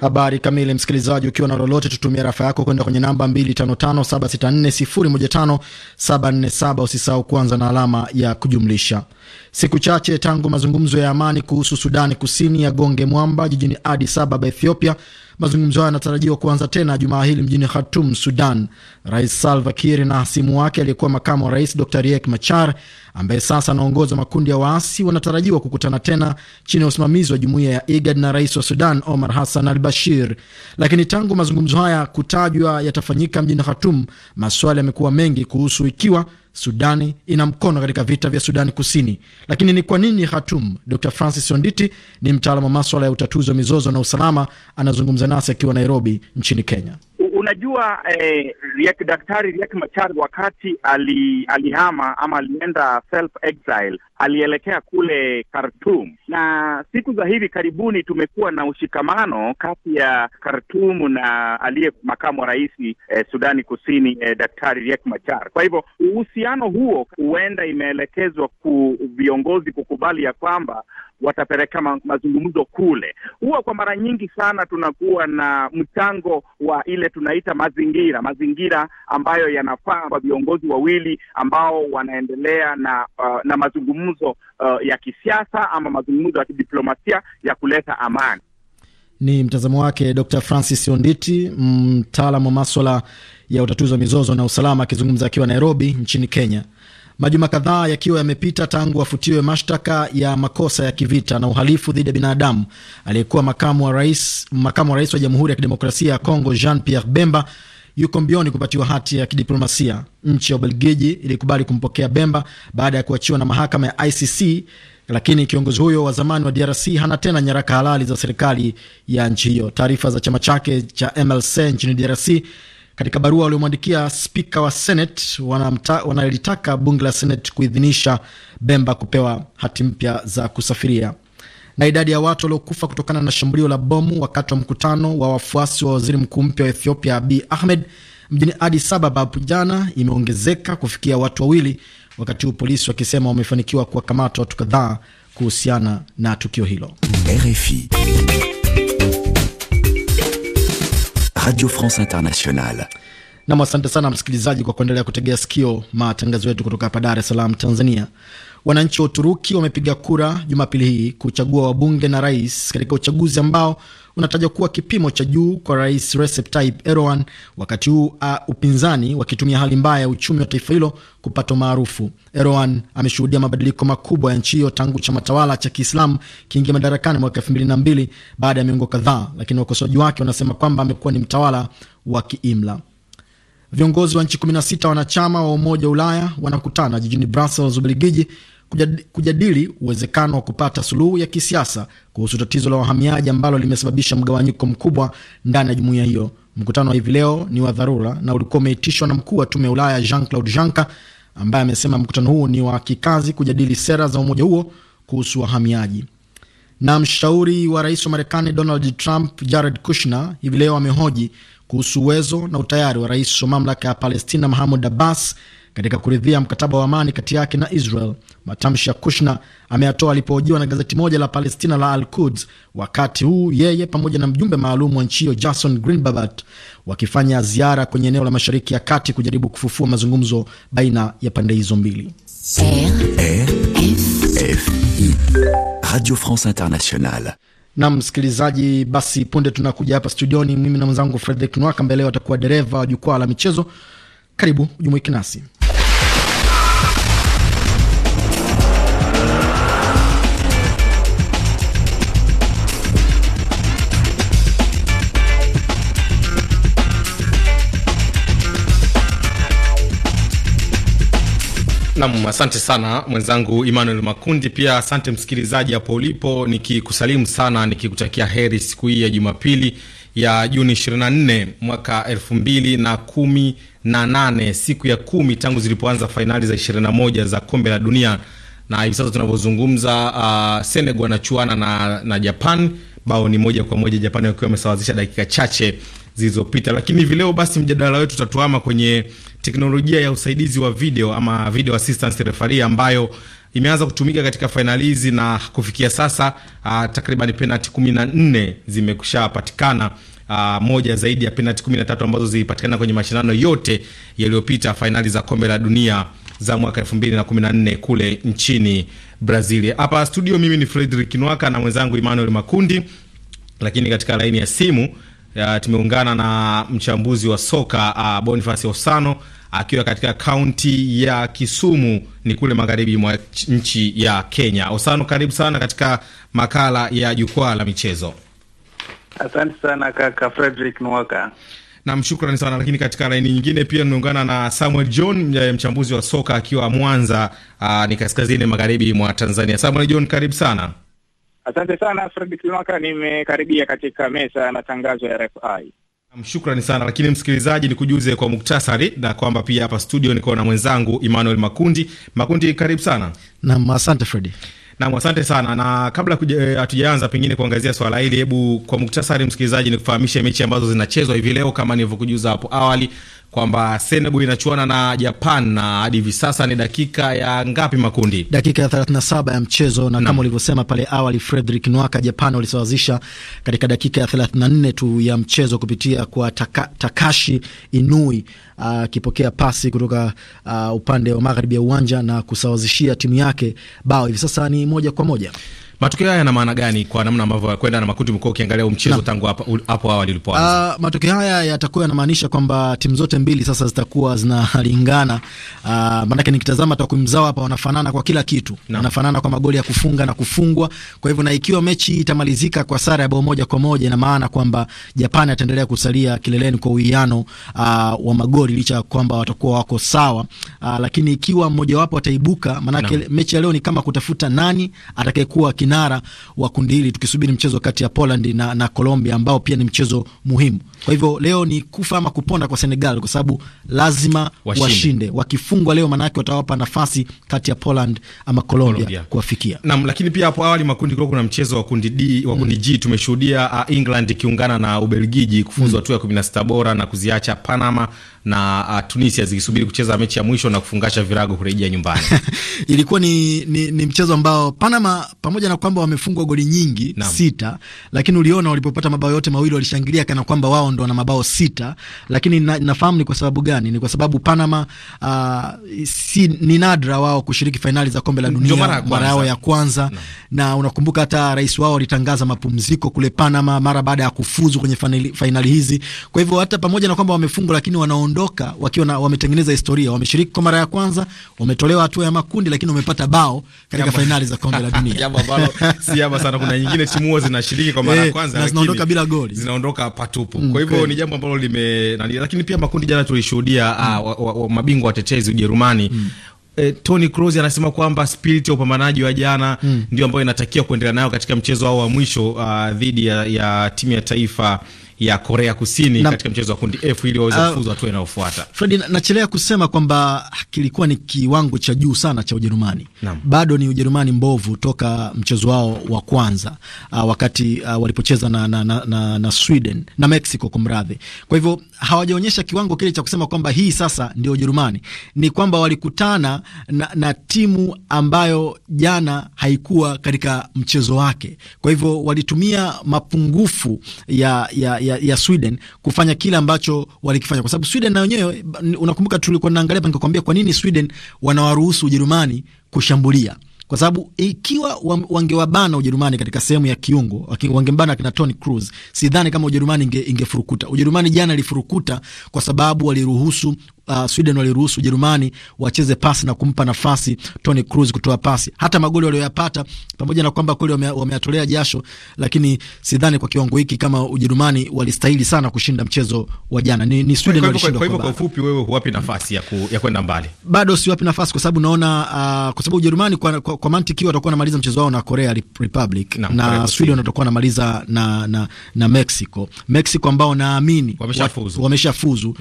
S1: Habari kamili, msikilizaji, ukiwa na lolote, tutumia rafa yako kwenda kwenye namba 255764015747. Usisahau kuanza na alama ya kujumlisha. Siku chache tangu mazungumzo ya amani kuhusu Sudani Kusini ya gonge mwamba jijini adisababa Ababa, Ethiopia Mazungumzo hayo yanatarajiwa kuanza tena jumaa hili mjini Khartoum, Sudan. Rais Salva Kiir na hasimu wake aliyekuwa makamu wa rais Dr Riek Machar, ambaye sasa anaongoza makundi ya waasi, wanatarajiwa kukutana tena chini ya usimamizi wa jumuiya ya IGAD na rais wa Sudan Omar Hassan al Bashir. Lakini tangu mazungumzo haya kutajwa yatafanyika mjini Khartoum, maswali yamekuwa mengi kuhusu ikiwa Sudani ina mkono katika vita vya Sudani Kusini, lakini ni kwa nini Khartoum? Dr Francis Onditi ni mtaalamu wa maswala ya utatuzi wa mizozo na usalama, anazungumza nasi akiwa Nairobi nchini Kenya.
S2: Unajua eh, Riek, Daktari Riek Machar wakati ali, alihama ama alienda self exile alielekea kule Khartoum, na siku za hivi karibuni tumekuwa na ushikamano kati ya Khartoum na aliye makamu wa rais eh, Sudani Kusini eh, Daktari Riek Machar. Kwa hivyo uhusiano huo huenda imeelekezwa ku viongozi kukubali ya kwamba watapeleka ma mazungumzo kule. Huwa kwa mara nyingi sana tunakuwa na mchango wa ile tunaita mazingira, mazingira ambayo yanafaa kwa viongozi wawili ambao wanaendelea na, uh, na mazungumzo mazungumzo uh, ya kisiasa ama mazungumzo ya kidiplomasia ya kuleta amani.
S1: Ni mtazamo wake Dr Francis Onditi, mtaalamu wa maswala ya utatuzi wa mizozo na usalama, akizungumza akiwa Nairobi nchini Kenya. Majuma kadhaa yakiwa yamepita tangu afutiwe mashtaka ya makosa ya kivita na uhalifu dhidi ya binadamu aliyekuwa makamu wa rais, makamu wa rais wa Jamhuri ya Kidemokrasia ya Kongo Jean Pierre Bemba yuko mbioni kupatiwa hati ya kidiplomasia. Nchi ya Ubelgiji ilikubali kumpokea Bemba baada ya kuachiwa na mahakama ya ICC, lakini kiongozi huyo wa zamani wa DRC hana tena nyaraka halali za serikali ya nchi hiyo. Taarifa za chama chake cha MLC nchini DRC katika barua waliomwandikia spika wa Senate wanalitaka bunge la Senate kuidhinisha Bemba kupewa hati mpya za kusafiria na idadi ya watu waliokufa kutokana na shambulio la bomu wakati wa mkutano wa wafuasi wa waziri mkuu mpya wa Ethiopia Abiy Ahmed mjini Addis Ababa hapo jana imeongezeka kufikia watu wawili, wakati huu polisi wakisema wamefanikiwa kuwakamata watu kadhaa kuhusiana na tukio hilo. RFI
S3: Radio France Internationale.
S1: Nam, asante sana msikilizaji kwa kuendelea kutegea sikio matangazo yetu kutoka hapa Dar es Salaam, Tanzania. Wananchi wa Uturuki wamepiga kura Jumapili hii kuchagua wabunge na rais katika uchaguzi ambao unataja kuwa kipimo cha juu kwa Rais Recep Tayyip Erdogan, wakati huu uh, upinzani wakitumia hali mbaya ya uchumi wa taifa hilo kupata maarufu. Erdogan ameshuhudia mabadiliko makubwa ya nchi hiyo tangu chama tawala cha Kiislamu kiingia madarakani mwaka elfu mbili na mbili baada ya miongo kadhaa, lakini wakosoaji wake wanasema kwamba amekuwa ni mtawala wa kiimla. Viongozi wa nchi 16 wanachama wa Umoja wa Ulaya wanakutana jijini Brussels, Ubelgiji, kujadili uwezekano wa kupata suluhu ya kisiasa kuhusu tatizo la wahamiaji ambalo limesababisha mgawanyiko mkubwa ndani ya jumuiya hiyo. Mkutano wa hivi leo ni wa dharura na ulikuwa umeitishwa na mkuu wa tume ya Ulaya Jean Claude Juncker, ambaye amesema mkutano huu ni wa kikazi kujadili sera za umoja huo kuhusu wahamiaji. Na mshauri wa rais wa Marekani Donald Trump Jared Kushner hivi leo amehoji kuhusu uwezo na utayari wa rais wa mamlaka ya Palestina Mahmud Abbas katika kuridhia mkataba wa amani kati yake na Israel. Matamshi ya Kushna ameyatoa alipohojiwa na gazeti moja la Palestina la Al Quds, wakati huu yeye pamoja na mjumbe maalum wa nchi hiyo Jason Greenblatt wakifanya ziara kwenye eneo la Mashariki ya Kati kujaribu kufufua mazungumzo baina ya pande hizo mbili. Radio France Internationale na msikilizaji, basi punde tunakuja hapa studioni, mimi na mwenzangu Fredrick Nwaka. Mbele leo atakuwa dereva wa jukwaa la michezo. Karibu ujumuike nasi.
S4: Nam, asante sana mwenzangu Emmanuel Makundi. Pia asante msikilizaji hapo ulipo, nikikusalimu sana nikikutakia heri siku hii ya Jumapili ya Juni 24 mwaka 218 na siku ya kumi tangu zilipoanza fainali za 21 za kombe la dunia, na hivi sasa tunavyozungumza, uh, Senegal anachuana na, na Japan bao ni moja kwa moja, Japani wakiwa wamesawazisha dakika chache zilizopita. Lakini hivi leo basi mjadala wetu utatuama kwenye teknolojia ya usaidizi wa video ama video assistance referee ambayo imeanza kutumika katika fainali hizi na kufikia sasa ah, takriban penalti kumi na nne zimekushapatikana. Uh, ah, moja zaidi ya penalti 13 ambazo zilipatikana kwenye mashindano yote yaliyopita fainali za kombe la dunia za mwaka 2014 kule nchini Brazil. Hapa studio mimi ni Fredrick Nwaka na mwenzangu Emmanuel Makundi, lakini katika laini ya simu uh, tumeungana na mchambuzi wa soka uh, Boniface Osano akiwa katika kaunti ya Kisumu ni kule magharibi mwa nchi ya Kenya. Osano, karibu sana katika makala ya jukwaa la michezo.
S3: Asante sana kaka Frederick Nwaka.
S4: Nam, shukrani sana lakini, katika laini nyingine pia nimeungana na Samuel John, mchambuzi wa soka akiwa Mwanza, uh, ni kaskazini magharibi mwa Tanzania. Samuel John, karibu sana.
S2: Asante sana Fred Kilimaka, nimekaribia katika meza ya matangazo ya RFI.
S4: Shukrani sana lakini, msikilizaji, nikujuze kwa muktasari na kwamba pia hapa studio niko na mwenzangu Emmanuel Makundi. Makundi, karibu sana.
S1: Naam, asante Fredi.
S4: Naam, asante sana na kabla eh, hatujaanza pengine kuangazia swala hili, hebu kwa muktasari, msikilizaji, nikufahamishe mechi ambazo zinachezwa hivi leo. Kama nilivyokujuza hapo awali, kwamba Senegal inachuana na Japan na hadi hivi sasa ni dakika ya ngapi makundi?
S1: Dakika ya 37 ya mchezo na, na, kama ulivyosema pale awali Frederick Nwaka, Japan walisawazisha katika dakika ya 34 tu ya mchezo kupitia kwa taka, Takashi Inui uh, akipokea uh, pasi kutoka uh, upande wa magharibi ya uwanja na kusawazishia timu yake bao. Hivi sasa ni moja kwa moja.
S4: Matokeo haya yana maana gani kwa namna ambavyo kwenda na makundi mkuu, ukiangalia mchezo tangu hapo awali ulipoanza?
S1: Uh, ah, matokeo haya yatakuwa yanamaanisha kwamba timu zote mbili sasa zitakuwa zinalingana. Uh, maanake nikitazama takwimu zao hapa wanafanana kwa kila kitu na, wanafanana kwa magoli ya kufunga na kufungwa. Kwa hivyo na ikiwa mechi itamalizika kwa sare ya bao moja kwa moja, ina maana kwamba Japani ataendelea kusalia kileleni kwa uwiano uh, wa magoli licha ya kwamba watakuwa wako sawa. Uh, lakini ikiwa mmojawapo ataibuka, maanake mechi ya leo ni kama kutafuta nani atakayekuwa kinara wa kundi hili, tukisubiri mchezo kati ya Poland na, na Colombia ambao pia ni mchezo muhimu. Kwa hivyo leo ni kufa ama kuponda kwa Senegal kwa sababu lazima washinde, washinde. Wakifungwa leo manake watawapa nafasi kati ya Poland ama Colombia, kuwafikia
S4: nam. Lakini pia hapo awali makundi kulikuwa kuna mchezo wa kundi D wa kundi mm. G tumeshuhudia uh, England ikiungana na Ubelgiji kufuzu mm. hatua mm. ya 16 bora na kuziacha Panama na uh, Tunisia zikisubiri kucheza mechi ya mwisho na kufungasha virago kurejea nyumbani. Ilikuwa
S1: ni, ni, ni mchezo ambao Panama pamoja na kwamba wamefungwa goli nyingi Naam. sita, lakini uliona walipopata mabao yote mawili walishangilia kana kwamba wao ndo wana mabao sita, lakini na, nafahamu ni kwa sababu gani? Ni kwa sababu Panama uh, si, ni nadra wao kushiriki fainali za kombe la dunia mara yao ya kwanza Naam. na unakumbuka hata rais wao alitangaza mapumziko kule Panama mara baada ya kufuzu kwenye fainali hizi. Kwa hivyo hata pamoja na kwamba wamefungwa, lakini wanaondoka wanaondoka wakiwa na wametengeneza historia, wameshiriki kwa mara ya kwanza, wametolewa hatua ya makundi, lakini wamepata bao katika fainali za kombe la dunia, jambo ambalo si haba sana. Kuna nyingine
S4: timu huwa zinashiriki kwa mara ya eh, kwanza, lakini zinaondoka bila goli, zinaondoka patupu. Mm, kwa hivyo ni jambo ambalo lime, lakini pia makundi jana tulishuhudia ah, mm. mabingwa watetezi Ujerumani mm. E, eh, Tony Kroos anasema kwamba spirit ya upambanaji wa jana mm, ndio ambayo inatakiwa kuendelea nayo katika mchezo wao wa mwisho ah, dhidi uh, ya, ya timu ya taifa ya Korea Kusini na, katika mchezo wa kundi F ili waweze uh, kufuzu hatua inayofuata.
S1: Fredi, nachelea kusema kwamba kilikuwa ni kiwango cha juu sana cha Ujerumani. Bado ni Ujerumani mbovu toka mchezo wao wa kwanza uh, wakati uh, walipocheza na, na, na, na, na Sweden na Mexico kumradhi. Kwa hivyo hawajaonyesha kiwango kile cha kusema kwamba hii sasa ndio Ujerumani. Ni kwamba walikutana na, na timu ambayo jana haikuwa katika mchezo wake. Kwa hivyo walitumia mapungufu ya, ya, ya ya, ya Sweden kufanya kile ambacho walikifanya, kwa sababu Sweden na wenyewe, unakumbuka tulikuwa naangalia pa, nikakwambia kwa nini Sweden wanawaruhusu Ujerumani kushambulia kwa sababu ikiwa wangewabana Ujerumani katika sehemu ya kiungo, wangembana kina Tony Cruz, sidhani kama Ujerumani ingefurukuta. Ujerumani jana ilifurukuta kwa sababu waliruhusu uh, Sweden waliruhusu Ujerumani wacheze pasi na kumpa nafasi Toni Kroos kutoa pasi. Hata magoli walioyapata, pamoja na kwamba kweli wameyatolea jasho, lakini sidhani kwa kiwango hiki kama Ujerumani walistahili sana kushinda mchezo wa jana. Ni, ni Sweden walishinda. Kwa hivyo kwa
S4: ufupi, wewe huwapi nafasi ya, ku, ya kwenda mbali?
S1: Bado siwapi nafasi kwa sababu naona uh, kwa sababu Ujerumani kwa, kwa, kwa mantiki watakuwa wanamaliza mchezo wao na Korea Republic na, na Korea Sweden watakuwa wanamaliza na, na, na Mexico. Mexico ambao naamini wameshafuzu wamesha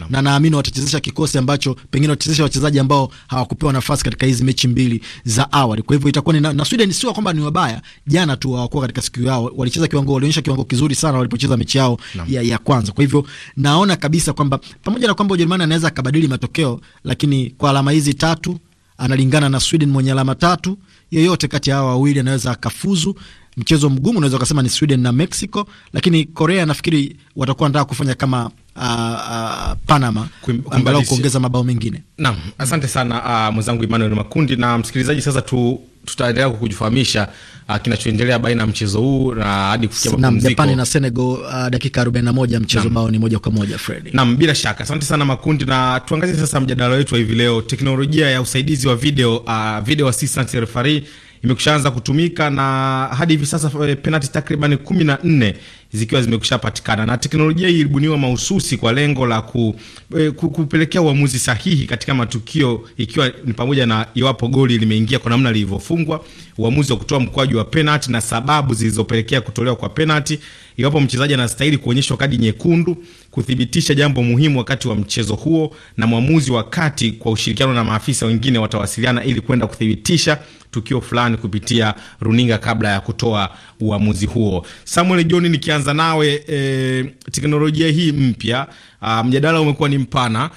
S1: na naamini watachezesha kikosi kiasi ambacho pengine watachezesha wachezaji ambao hawakupewa nafasi katika hizi mechi mbili za awali. Kwa hivyo itakuwa ni na, na Sweden sio kwamba ni wabaya, jana tu hawakuwa katika siku yao, walicheza kiwango, walionyesha kiwango kizuri sana walipocheza mechi yao ya, ya kwanza. Kwa hivyo naona kabisa kwamba pamoja na kwamba Ujerumani anaweza akabadili matokeo, lakini kwa alama hizi tatu analingana na Sweden mwenye alama tatu. Yeyote kati ya hawa wawili anaweza akafuzu mchezo mgumu unaweza ukasema ni Sweden na Mexico, lakini Korea nafikiri watakuwa nataka kufanya kama Uh, uh, Panama angalau kuongeza mabao mengine.
S4: Naam, asante sana uh, mwenzangu Emmanuel Makundi na msikilizaji, sasa tu tutaendelea kukujifahamisha uh, kinachoendelea baina ya mchezo huu na hadi kufikia mapumziko. Japani na
S1: Senegal uh, dakika 41 mchezo ambao ni moja kwa moja Fred.
S4: Naam, bila shaka. Asante sana Makundi na tuangazie sasa mjadala wetu wa hivi leo, teknolojia ya usaidizi wa video uh, video assistant referee imekushaanza kutumika na hadi hivi sasa eh, penalti takriban kumi na nne zikiwa zimekushapatikana, na teknolojia hii ilibuniwa mahususi kwa lengo la ku, e, kupelekea uamuzi sahihi katika matukio, ikiwa ni pamoja na iwapo goli limeingia kwa namna lilivyofungwa, uamuzi wa kutoa mkwaju wa penalti na sababu zilizopelekea kutolewa kwa penalti, iwapo mchezaji anastahili kuonyeshwa kadi nyekundu, kuthibitisha jambo muhimu wakati wa mchezo huo, na mwamuzi wa kati kwa ushirikiano na maafisa wengine watawasiliana ili kwenda kuthibitisha tukio fulani kupitia runinga kabla ya kutoa uamuzi huo. Samuel John, nikianza nawe, e, teknolojia hii mpya, ah, mjadala umekuwa ni mpana,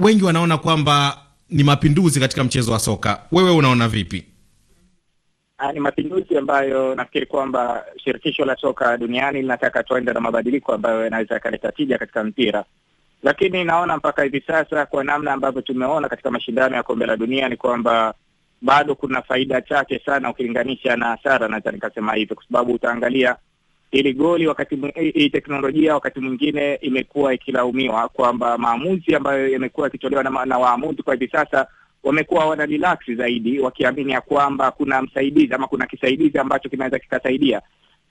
S4: wengi wanaona kwamba ni mapinduzi katika mchezo wa soka. Wewe unaona vipi?
S2: Ah, ni mapinduzi ambayo nafikiri kwamba shirikisho la soka duniani linataka tuende na mabadiliko ambayo yanaweza yakaleta tija katika mpira, lakini naona mpaka hivi sasa kwa namna ambavyo tumeona katika mashindano ya kombe la dunia ni kwamba bado kuna faida chache sana ukilinganisha na hasara, naweza nikasema hivyo, kwa sababu utaangalia ili goli wakati hii teknolojia wakati mwingine imekuwa ikilaumiwa kwamba maamuzi ambayo yamekuwa yakitolewa na, na waamuzi kwa hivi sasa wamekuwa wana relax zaidi, wakiamini ya kwamba kuna msaidizi ama kuna kisaidizi ambacho kinaweza kikasaidia,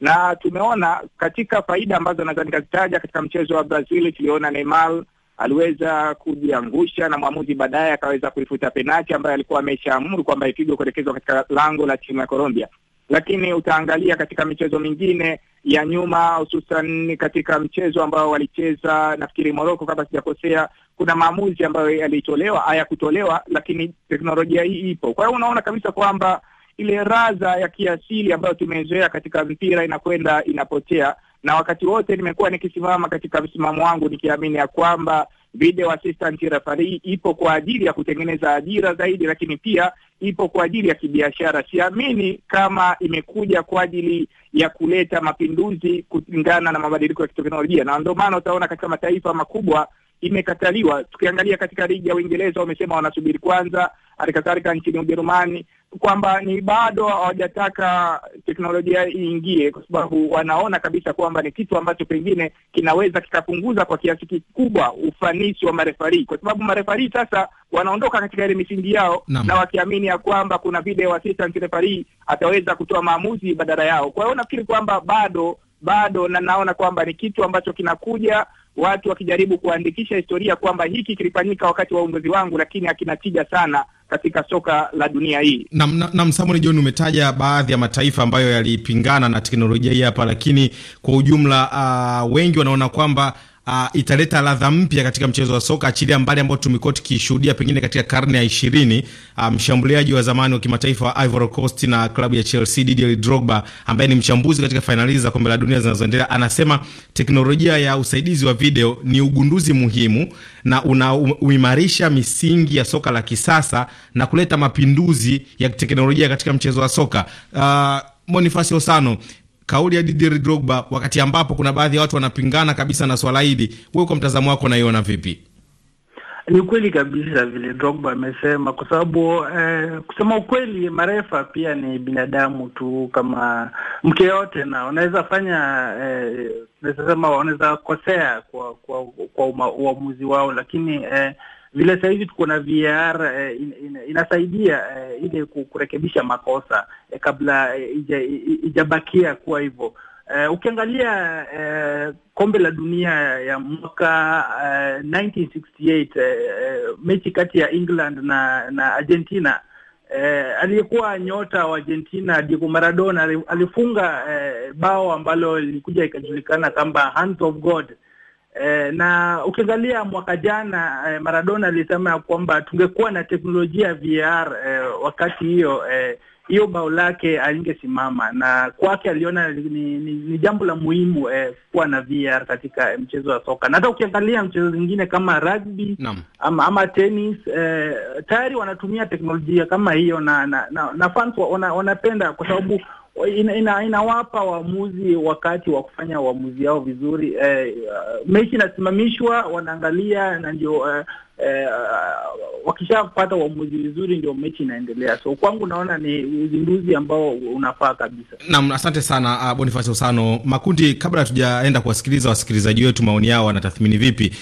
S2: na tumeona katika faida ambazo naweza nikazitaja katika mchezo wa Brazil, tuliona Neymar aliweza kujiangusha na mwamuzi baadaye akaweza kuifuta penati ambayo alikuwa ameshaamuru kwamba ipigwe kuelekezwa katika lango la timu ya Colombia. Lakini utaangalia katika michezo mingine ya nyuma, hususan katika mchezo ambao walicheza nafikiri moroko kama sijakosea, kuna maamuzi ambayo yalitolewa hayakutolewa, lakini teknolojia hii ipo. Kwa hiyo unaona kabisa kwamba ile raza ya kiasili ambayo tumezoea katika mpira inakwenda inapotea na wakati wote nimekuwa nikisimama katika msimamo wangu nikiamini ya kwamba video assistant referee ipo kwa ajili ya kutengeneza ajira zaidi, lakini pia ipo kwa ajili ya kibiashara. Siamini kama imekuja kwa ajili ya kuleta mapinduzi kulingana na mabadiliko ya kiteknolojia, na ndio maana utaona katika mataifa makubwa imekataliwa. Tukiangalia katika ligi ya Uingereza wamesema wanasubiri kwanza, hali nchini Ujerumani kwamba ni bado hawajataka teknolojia iingie, kwa sababu wanaona kabisa kwamba ni kitu ambacho pengine kinaweza kikapunguza kwa kiasi kikubwa ufanisi wa marefari, kwa sababu marefari sasa wanaondoka katika ile misingi yao Naam. na wakiamini ya kwamba kuna video assistant referee ataweza kutoa maamuzi badala yao. Kwa hiyo nafikiri kwamba bado bado na naona kwamba ni kitu ambacho kinakuja watu wakijaribu kuandikisha historia kwamba hiki kilifanyika wakati wa uongozi wangu, lakini hakina tija sana katika soka la dunia hii.
S4: Nam na, na, Samuel John, umetaja baadhi ya mataifa ambayo yalipingana na teknolojia hii hapa, lakini kwa ujumla uh, wengi wanaona kwamba uh, italeta ladha mpya katika mchezo wa soka, achilia mbali ambao tumekuwa tukishuhudia pengine katika karne ya ishirini. Ah, mshambuliaji um, wa zamani wa kimataifa wa Ivory Coast na klabu ya Chelsea Didier Drogba, ambaye ni mchambuzi katika fainali za kombe la dunia zinazoendelea, anasema teknolojia ya usaidizi wa video ni ugunduzi muhimu na unauimarisha misingi ya soka la kisasa na kuleta mapinduzi ya teknolojia katika mchezo wa soka. Uh, ah, Bonifasi Osano, kauli ya Didier Drogba, wakati ambapo kuna baadhi ya watu wanapingana kabisa na swala hili. Wewe kwa mtazamo wako unaiona vipi?
S3: Ni ukweli kabisa vile Drogba amesema, kwa sababu eh, kusema ukweli, marefa pia ni binadamu tu kama mke yote, na wanaweza fanya eh, naweza sema wanaweza kosea kwa kwa, kwa uamuzi wao, lakini eh, vile sahizi tuko na vr eh, in, in, inasaidia eh, ile kurekebisha makosa eh, kabla eh, ijabakia ija kuwa hivyo. Uh, ukiangalia uh, kombe la dunia ya mwaka uh, 1968 uh, mechi kati ya England na na Argentina uh, aliyekuwa nyota wa Argentina Diego Maradona alifunga uh, bao ambalo lilikuja ikajulikana kama hands of God Eh, na ukiangalia mwaka jana eh, Maradona alisema ya kwamba tungekuwa na teknolojia ya VR eh, wakati hiyo eh, hiyo eh, bao lake alingesimama, na kwake aliona ni, ni, ni jambo la muhimu eh, kuwa na VR katika eh, mchezo wa soka, na hata ukiangalia mchezo zingine kama rugby ama, ama tennis eh, tayari wanatumia teknolojia kama hiyo na, na, na, na fans wanapenda kwa sababu ina, ina, inawapa waamuzi wakati wa kufanya uamuzi yao vizuri. Eh, eh, mechi inasimamishwa, wanaangalia na ndio eh, eh, wakishapata uamuzi vizuri ndio mechi inaendelea. So kwangu naona ni uzinduzi ambao unafaa kabisa.
S4: Naam, asante sana ah, bonifasi Usano Makundi. Kabla hatujaenda kuwasikiliza wasikilizaji wetu maoni yao wanatathmini vipi,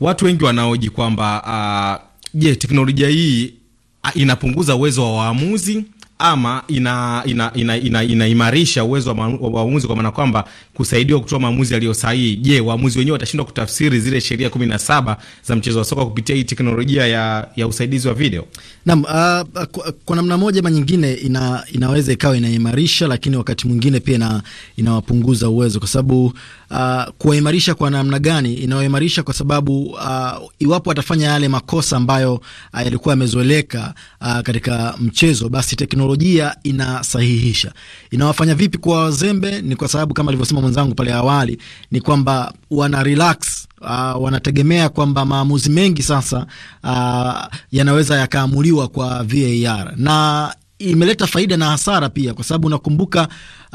S4: watu wengi wanaoji kwamba ah, je, uh, yeah, teknolojia hii ah, inapunguza uwezo wa waamuzi ama inaimarisha ina, ina, ina, ina uwezo wa waamuzi kwa maana kwamba kusaidiwa kutoa maamuzi yaliyo sahihi. Je, waamuzi wenyewe watashindwa kutafsiri zile sheria kumi na saba za mchezo wa soka kupitia hii teknolojia ya, ya usaidizi wa video?
S1: Naam, uh, kwa, kwa namna moja ama nyingine ina, inaweza ikawa inaimarisha, lakini wakati mwingine pia ina, inawapunguza uwezo kwa sababu uh, kuwaimarisha kwa namna gani? Inawaimarisha kwa sababu uh, iwapo watafanya yale makosa ambayo uh, yalikuwa yamezoeleka uh, katika mchezo basi teknolojia teknolojia inasahihisha. Inawafanya vipi kuwa wazembe? Ni kwa sababu kama alivyosema mwenzangu pale awali, ni kwamba wana relax Uh, wanategemea kwamba maamuzi mengi sasa uh, yanaweza yakaamuliwa kwa VAR na imeleta faida na hasara pia, kwa sababu unakumbuka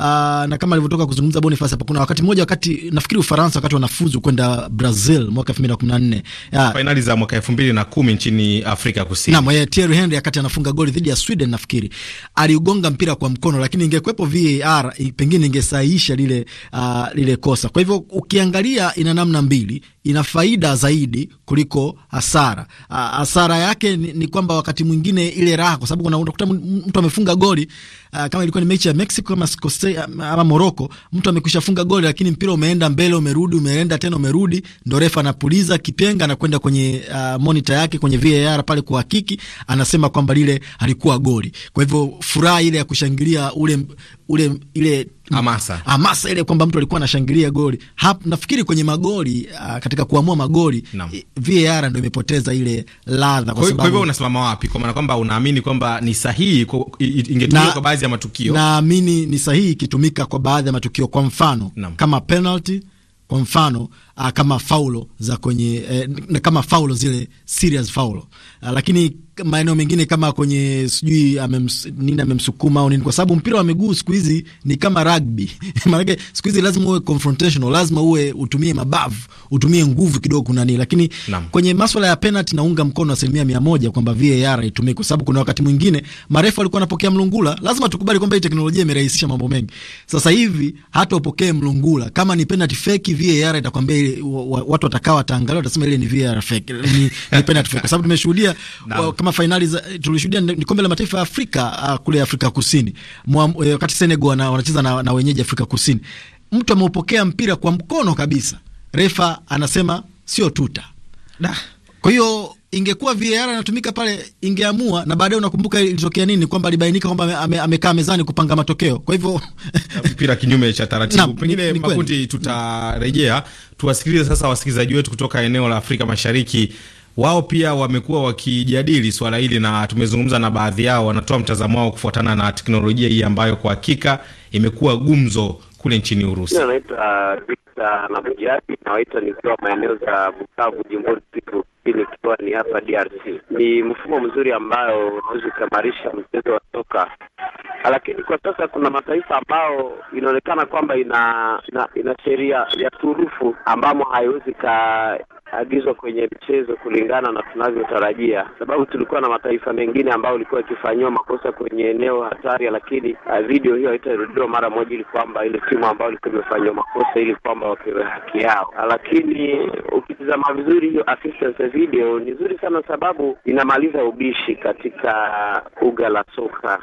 S1: Ah, na kama alivyotoka kuzungumza Boniface hapa, kuna wakati mmoja, wakati nafikiri Ufaransa wakati wanafuzu kwenda Brazil mwaka 2014 ah,
S4: finali za mwaka 2010 nchini Afrika Kusini, naam,
S1: yeye eh, Thierry Henry wakati anafunga goli dhidi ya Sweden nafikiri aliugonga mpira kwa mkono, lakini ingekuepo VAR pengine ingesaisha lile, uh, lile kosa. Kwa hivyo ukiangalia ina namna mbili ina faida zaidi kuliko hasara. Hasara yake ni, ni kwamba wakati mwingine ile raha, kwa sababu unakuta mtu amefunga goli uh, kama ilikuwa ni mechi ya Mexico ama sikosei, ama Morocco, mtu amekwisha funga goli, lakini mpira umeenda mbele, umerudi, umeenda tena, umerudi, ndo refa anapuliza kipenga na kwenda kwenye uh, monitor yake kwenye VAR pale kuhakiki, anasema kwamba lile halikuwa goli. Kwa hivyo furaha ile ya kushangilia ule ule ile hamasa hamasa ile kwamba mtu alikuwa anashangilia goli hap, nafikiri kwenye magoli uh, katika kuamua magoli no. VAR ndio imepoteza ile ladha. Kwa sababu kwa hivyo
S4: unasimama wapi? Kwa maana kwamba unaamini kwamba ni sahihi ingetumika kwa baadhi ya matukio?
S1: Naamini ni sahihi ikitumika kwa baadhi ya matukio, kwa mfano no. kama penalty, kwa mfano uh, kama faulo za kwenye eh, kama faulo zile serious faulo uh, lakini maeneo mengine kama kwenye sijui amems, nini amemsukuma au nini, kwa sababu mpira wa miguu siku hizi ni kama rugby maanake siku hizi lazima uwe confrontational, lazima uwe utumie mabavu, utumie nguvu kidogo, kuna nini. Lakini Naam. kwenye maswala ya penalty naunga mkono asilimia mia moja kwamba VAR itumike, kwa sababu kuna wakati mwingine marefu alikuwa anapokea mlungula. Lazima tukubali kwamba hii teknolojia imerahisisha mambo mengi. Sasa hivi hata upokee mlungula, kama ni penalty fake, VAR itakwambia ile watu watakaa wataangalia, watasema ile ni VAR fake, ni, ni penalty fake, kwa sababu tumeshuhudia kama za tulishuhudia ni kombe la mataifa ya Afrika uh, kule Afrika Kusini eh, wakati Senegal wanacheza na, na wenyeji Afrika Kusini, mtu ameupokea mpira kwa mkono kabisa, refa anasema sio tuta. Kwa hiyo ingekuwa VAR inatumika pale, ingeamua na baadaye, unakumbuka ilitokea nini, kwamba alibainika kwamba amekaa ame, ame mezani kupanga matokeo. Kwa hivyo
S4: mpira kinyume cha taratibu. Pengine makundi tutarejea, tuwasikilize sasa wasikilizaji wetu kutoka eneo la Afrika Mashariki. Wao pia wamekuwa wakijadili swala hili na tumezungumza na baadhi yao, wanatoa mtazamo wao kufuatana na teknolojia hii ambayo kwa hakika imekuwa gumzo kule nchini Urusi.
S2: Naitwa uh, Victor na nawaita nikiwa maeneo za Bukavu, jimboni Kivu pili ikiwa ni hapa
S6: DRC. Ni mfumo mzuri ambao unaweza ukaimarisha mchezo wa soka, lakini kwa sasa kuna mataifa ambao inaonekana kwamba ina ina, ina sheria ya turufu ambamo haiwezi ikaagizwa kwenye mchezo kulingana na tunavyotarajia, sababu tulikuwa na mataifa mengine ambayo ilikuwa ikifanyiwa makosa kwenye eneo hatari, lakini uh, video hiyo haitarudiwa mara moja, ili kwamba ile timu ambayo ilikuwa imefanyiwa makosa ili kwamba wapewe haki yao, lakini ukitizama vizuri hiyo assistance video ni zuri sana, sababu inamaliza ubishi katika uga la soka.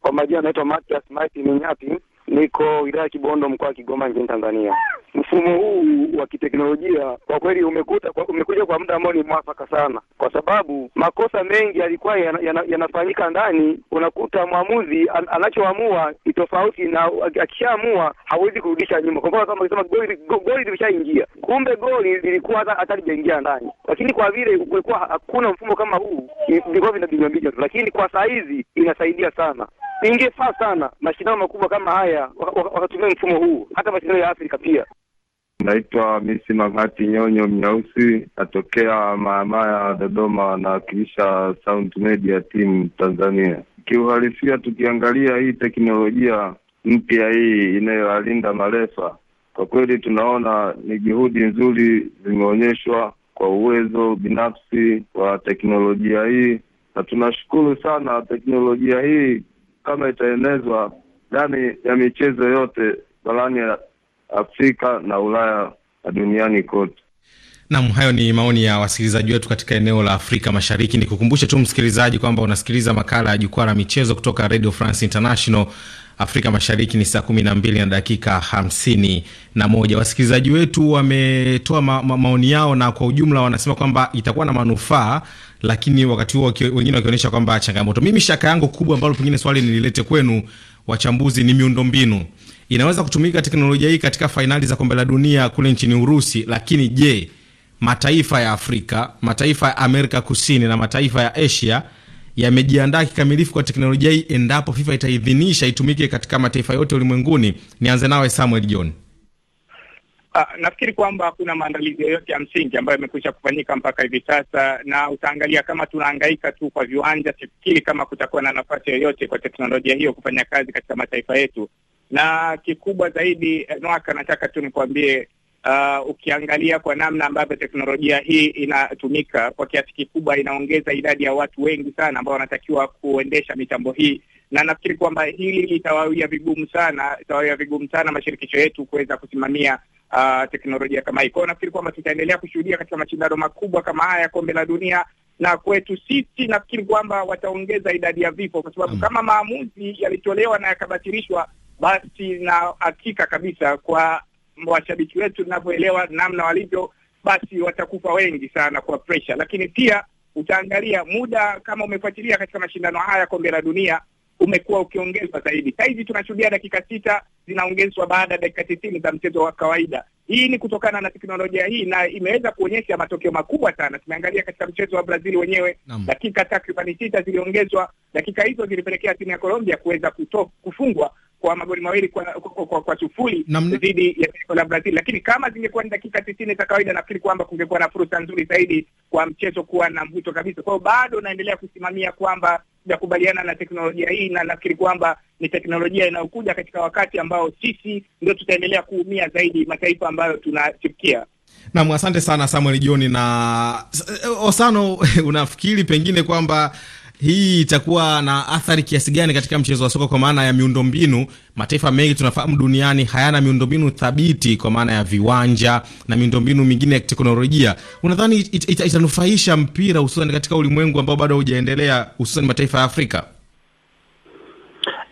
S2: Kwa majina anaitwa Mathias Mike Minyati, niko wilaya ya Kibondo, mkoa wa Kigoma, nchini Tanzania mfumo huu wa kiteknolojia kwa kweli umekuta kwa, umekuja kwa muda ambao ni mwafaka sana, kwa sababu makosa mengi yalikuwa yana, yana, yanafanyika ndani. Unakuta mwamuzi an, anachoamua ni tofauti, na akishaamua hawezi kurudisha nyuma. Kwa mfano kama ukisema goli goli limeshaingia, kumbe goli lilikuwa hata hata lijaingia ndani, lakini kwa vile kulikuwa hakuna mfumo kama huu, vilikuwa vinabinywabinywa tu, lakini kwa saa hizi inasaidia sana. Ingefaa sana mashindano makubwa kama haya wakatumia mfumo huu, hata mashindano ya Afrika pia. Naitwa Misi Mangati Nyonyo Mnyausi, natokea Mahamaa ya Dodoma, nawakilisha Sound Media Team Tanzania. Kiuhalisia, tukiangalia hii teknolojia mpya hii inayoyalinda marefa, kwa kweli tunaona ni juhudi nzuri zimeonyeshwa kwa uwezo binafsi wa teknolojia hii, na tunashukuru sana teknolojia hii kama itaenezwa ndani ya michezo yote barani Afrika
S6: na Ulaya na duniani kote.
S4: Nam, hayo ni maoni ya wasikilizaji wetu katika eneo la Afrika Mashariki. Ni kukumbushe tu msikilizaji kwamba unasikiliza makala ya Jukwaa la Michezo kutoka Radio France International. Afrika Mashariki ni saa kumi na mbili na dakika hamsini na moja. Wasikilizaji wetu wametoa ma ma maoni yao, na kwa ujumla wanasema kwamba itakuwa na manufaa, lakini wakati huo wengine wakionyesha kwamba changamoto. Mimi shaka yangu kubwa, ambalo pengine swali nililete kwenu wachambuzi, ni miundombinu inaweza kutumika teknolojia hii katika fainali za kombe la dunia kule nchini Urusi, lakini je, mataifa ya Afrika, mataifa ya Amerika Kusini na mataifa ya Asia yamejiandaa kikamilifu kwa teknolojia hii endapo FIFA itaidhinisha itumike katika mataifa yote ulimwenguni? Nianze nawe Samuel John.
S2: Uh, nafikiri kwamba hakuna maandalizi yoyote ya msingi ambayo yamekwisha kufanyika mpaka hivi sasa, na utaangalia kama tunahangaika tu kwa viwanja, sifikiri kama kutakuwa na nafasi yoyote kwa teknolojia hiyo kufanya kazi katika mataifa yetu na kikubwa zaidi eh, Nwaka, nataka tu nikwambie Uh, ukiangalia kwa namna ambavyo teknolojia hii inatumika kwa kiasi kikubwa, inaongeza idadi ya watu wengi sana ambao wanatakiwa kuendesha mitambo hii, na nafikiri kwamba hili litawawia vigumu sana, itawawia vigumu sana mashirikisho yetu kuweza kusimamia uh, teknolojia kama hii. Kwa hiyo nafikiri kwamba tutaendelea kushuhudia katika mashindano makubwa kama haya ya kombe la dunia, na kwetu sisi nafikiri kwamba wataongeza idadi ya vifo, kwa sababu mm, kama maamuzi yalitolewa na yakabatilishwa basi na hakika kabisa kwa washabiki wetu, tunavyoelewa namna walivyo, basi watakufa wengi sana kwa pressure. Lakini pia utaangalia muda, kama umefuatilia katika mashindano haya kombe la dunia umekuwa ukiongezwa zaidi. Sahizi tunashuhudia dakika sita zinaongezwa baada ya dakika tisini za mchezo wa kawaida. Hii ni kutokana na teknolojia hii na imeweza kuonyesha matokeo makubwa sana. Tumeangalia katika mchezo wa Brazil wenyewe dakika takribani sita ziliongezwa. Dakika hizo zilipelekea timu ya Colombia kuweza kufungwa kwa magoli mawili kwa, kwa, kwa, kwa, kwa sufuri dhidi ya taifa la Brazil, lakini kama zingekuwa ni dakika tisini za kawaida, nafikiri kwamba kungekuwa na fursa nzuri zaidi kwa mchezo kuwa na mvuto kabisa. Kwa hiyo bado naendelea kusimamia kwamba nakubaliana na teknolojia hii na nafikiri kwamba ni teknolojia inayokuja katika wakati ambao sisi ndio tutaendelea kuumia zaidi, mataifa ambayo tunashirikia.
S4: Nam, asante sana Samuel John na eh, Osano. Unafikiri pengine kwamba hii itakuwa na athari kiasi gani katika mchezo wa soka kwa maana ya miundombinu? Mataifa mengi tunafahamu duniani hayana miundombinu thabiti kwa maana ya viwanja na miundombinu mingine ya teknolojia. Unadhani it, it, it, itanufaisha mpira hususan katika ulimwengu ambao bado haujaendelea hususan mataifa ya Afrika?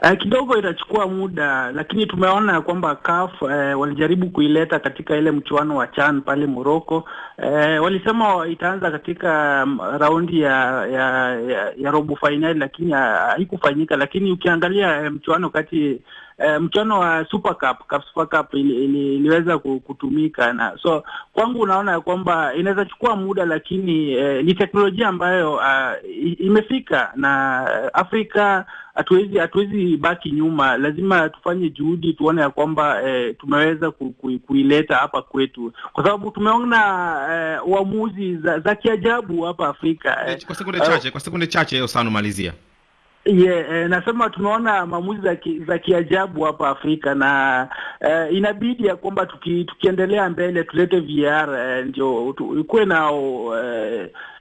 S3: Uh, kidogo itachukua muda, lakini tumeona kwamba CAF uh, walijaribu kuileta katika ile mchuano wa CHAN pale Morocco. Uh, walisema itaanza katika mm, raundi ya ya, ya, ya robo finali, lakini haikufanyika. Lakini ukiangalia mchuano kati eh, mchano wa Super Cup, Cup Super Cup ili, ili, iliweza kutumika na so kwangu unaona ya kwamba inaweza chukua muda, lakini eh, ni teknolojia ambayo uh, imefika na eh, Afrika hatuwezi hatuwezi baki nyuma, lazima tufanye juhudi tuone ya kwamba eh, tumeweza ku, ku, kuileta hapa kwetu, kwa sababu tumeona eh, uamuzi eh, za, za kiajabu hapa
S4: Afrika eh. eh. Kwa sekunde chache, kwa sekunde chache sana
S3: Yeah, eh, nasema tumeona maamuzi za kiajabu hapa Afrika na uh, inabidi ya kwamba tuki, tukiendelea mbele tulete VR uh, eh, ndio ikuwe na uh,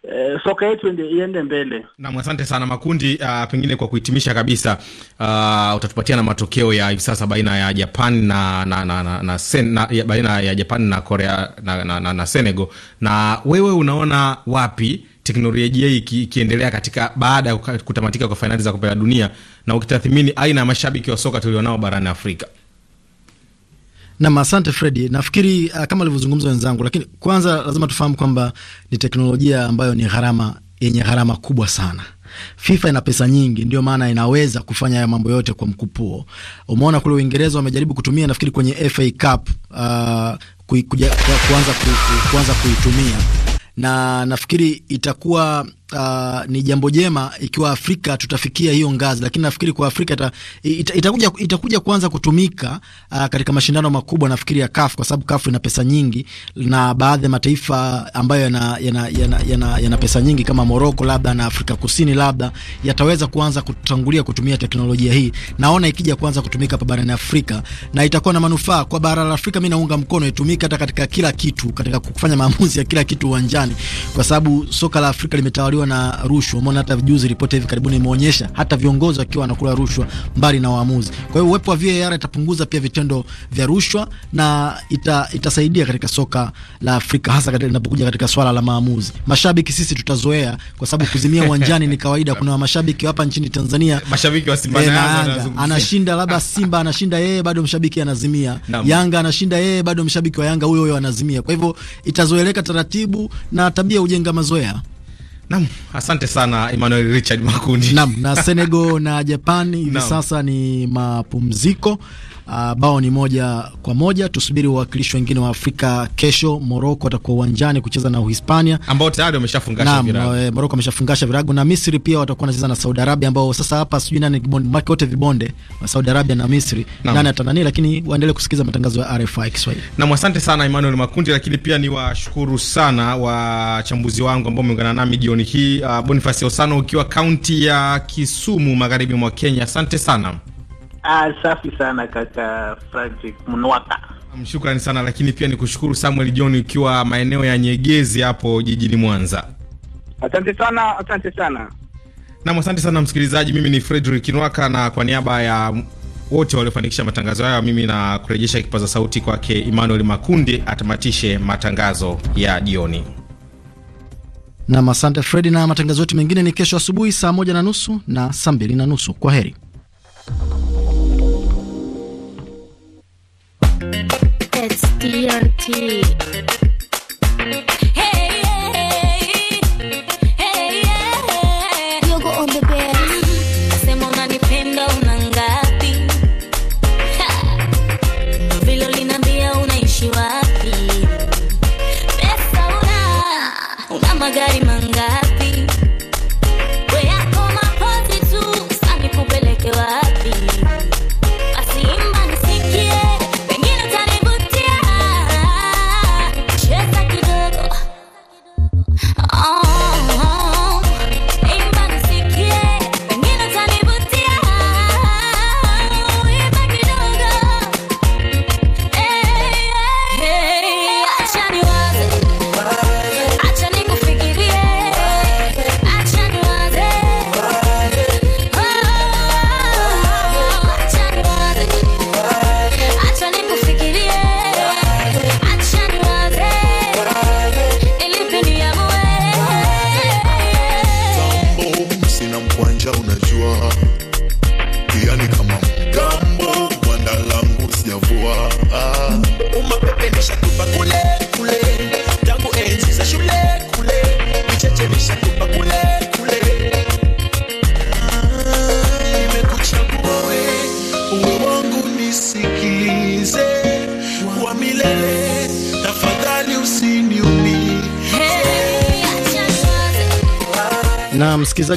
S3: uh, soka yetu iende mbele.
S4: Naam, asante sana makundi. Uh, pengine kwa kuhitimisha kabisa, uh, utatupatia na matokeo ya hivi sasa baina ya Japan na, na, na, na, na, sen, na ya, baina ya Japan na Korea na, na, na, na Senegal, na wewe unaona wapi teknolojia hii ikiendelea katika baada ya kutamatika kwa fainali za kombe la dunia na ukitathmini aina ya mashabiki wa soka tulionao barani Afrika?
S1: Nam, asante Fredi. Nafikiri uh, kama alivyozungumza wenzangu, lakini kwanza lazima tufahamu kwamba ni teknolojia ambayo ni gharama yenye gharama kubwa sana. FIFA ina pesa nyingi, ndio maana inaweza kufanya haya mambo yote kwa mkupuo. Umeona kule Uingereza wamejaribu kutumia, nafikiri kwenye FA Cup uh, kuanza, kuanza kuitumia na nafikiri itakuwa uh, ni jambo jema ikiwa Afrika tutafikia hiyo ngazi, lakini nafikiri kwa Afrika ita, ita, itakuja, itakuja kuanza kutumika uh, katika mashindano makubwa nafikiri ya CAF kwa sababu CAF ina pesa nyingi, na baadhi ya mataifa ambayo yana, yana, yana, yana, yana pesa nyingi kama Moroko labda na Afrika Kusini labda yataweza kuanza kutangulia kutumia teknolojia hii. Naona ikija kuanza kutumika hapa barani Afrika na itakuwa na manufaa kwa bara la Afrika. Mimi naunga mkono itumike hata katika kila kitu, katika kufanya maamuzi ya kila kitu uwanjani, kwa sababu soka la Afrika limetawaliwa wanakabiliwa na rushwa. Umeona hata juzi ripoti hivi karibuni imeonyesha hata viongozi wakiwa wanakula rushwa mbali na waamuzi. Kwa hiyo uwepo wa VAR itapunguza pia vitendo vya rushwa na ita, itasaidia katika soka la Afrika hasa linapokuja katika swala la maamuzi. Mashabiki sisi tutazoea kwa sababu kuzimia uwanjani ni kawaida. Kuna mashabiki hapa nchini Tanzania,
S4: mashabiki wa Simba eh, na Yanga, anashinda
S1: labda Simba anashinda yeye bado mshabiki anazimia. Yanga anashinda yeye bado mshabiki wa Yanga huyo huyo anazimia. Kwa hivyo itazoeleka taratibu na tabia hujenga mazoea.
S4: Nam, asante sana Emmanuel Richard Makundi. Nam,
S1: na Senegal na japan hivi sasa ni mapumziko Uh, bao ni moja kwa moja. Tusubiri wawakilishi wengine wa Afrika kesho. Moroko watakuwa uwanjani kucheza na Uhispania
S4: ambao tayari wameshafungasha virago.
S1: E, eh, Moroko wameshafungasha virago na Misri pia watakuwa wanacheza na Saudi Arabia ambao sasa hapa sijui nani kibonde maki wote vibonde wa Saudi Arabia na Misri na nani atanani, lakini waendelee kusikiliza matangazo ya RFI Kiswahili.
S4: Na asante sana Emmanuel Makundi, lakini pia ni washukuru sana wachambuzi wangu ambao umeungana nami jioni hii. Uh, Boniface Osano ukiwa kaunti ya Kisumu magharibi mwa Kenya, asante sana.
S3: Ah, safi sana kaka Francis Mnwaka.
S4: Mshukrani sana lakini pia nikushukuru Samuel John ukiwa maeneo ya Nyegezi hapo jijini Mwanza. Asante sana, asante sana. Naam, asante sana msikilizaji, mimi ni Frederick Nwaka na kwa niaba ya wote waliofanikisha matangazo haya, mimi na kurejesha kipaza sauti kwake Emmanuel Makundi atamatishe matangazo ya jioni.
S1: Nam, asante Fredi, na matangazo yetu mengine ni kesho asubuhi saa moja na nusu na saa mbili na nusu. Kwa heri.
S7: It's DRT.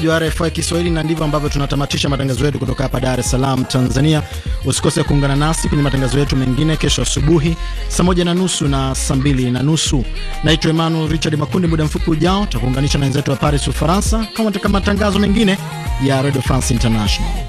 S1: msikilizaji wa RFI Kiswahili, na ndivyo ambavyo tunatamatisha matangazo yetu kutoka hapa Dar es Salaam, Tanzania. Usikose kuungana nasi kwenye matangazo yetu mengine kesho asubuhi saa moja na nusu na saa mbili na nusu. Naitwa Emmanuel Richard Makundi. Muda mfupi ujao takuunganisha na wenzetu wa Paris, Ufaransa, kama katika matangazo mengine ya Radio France International.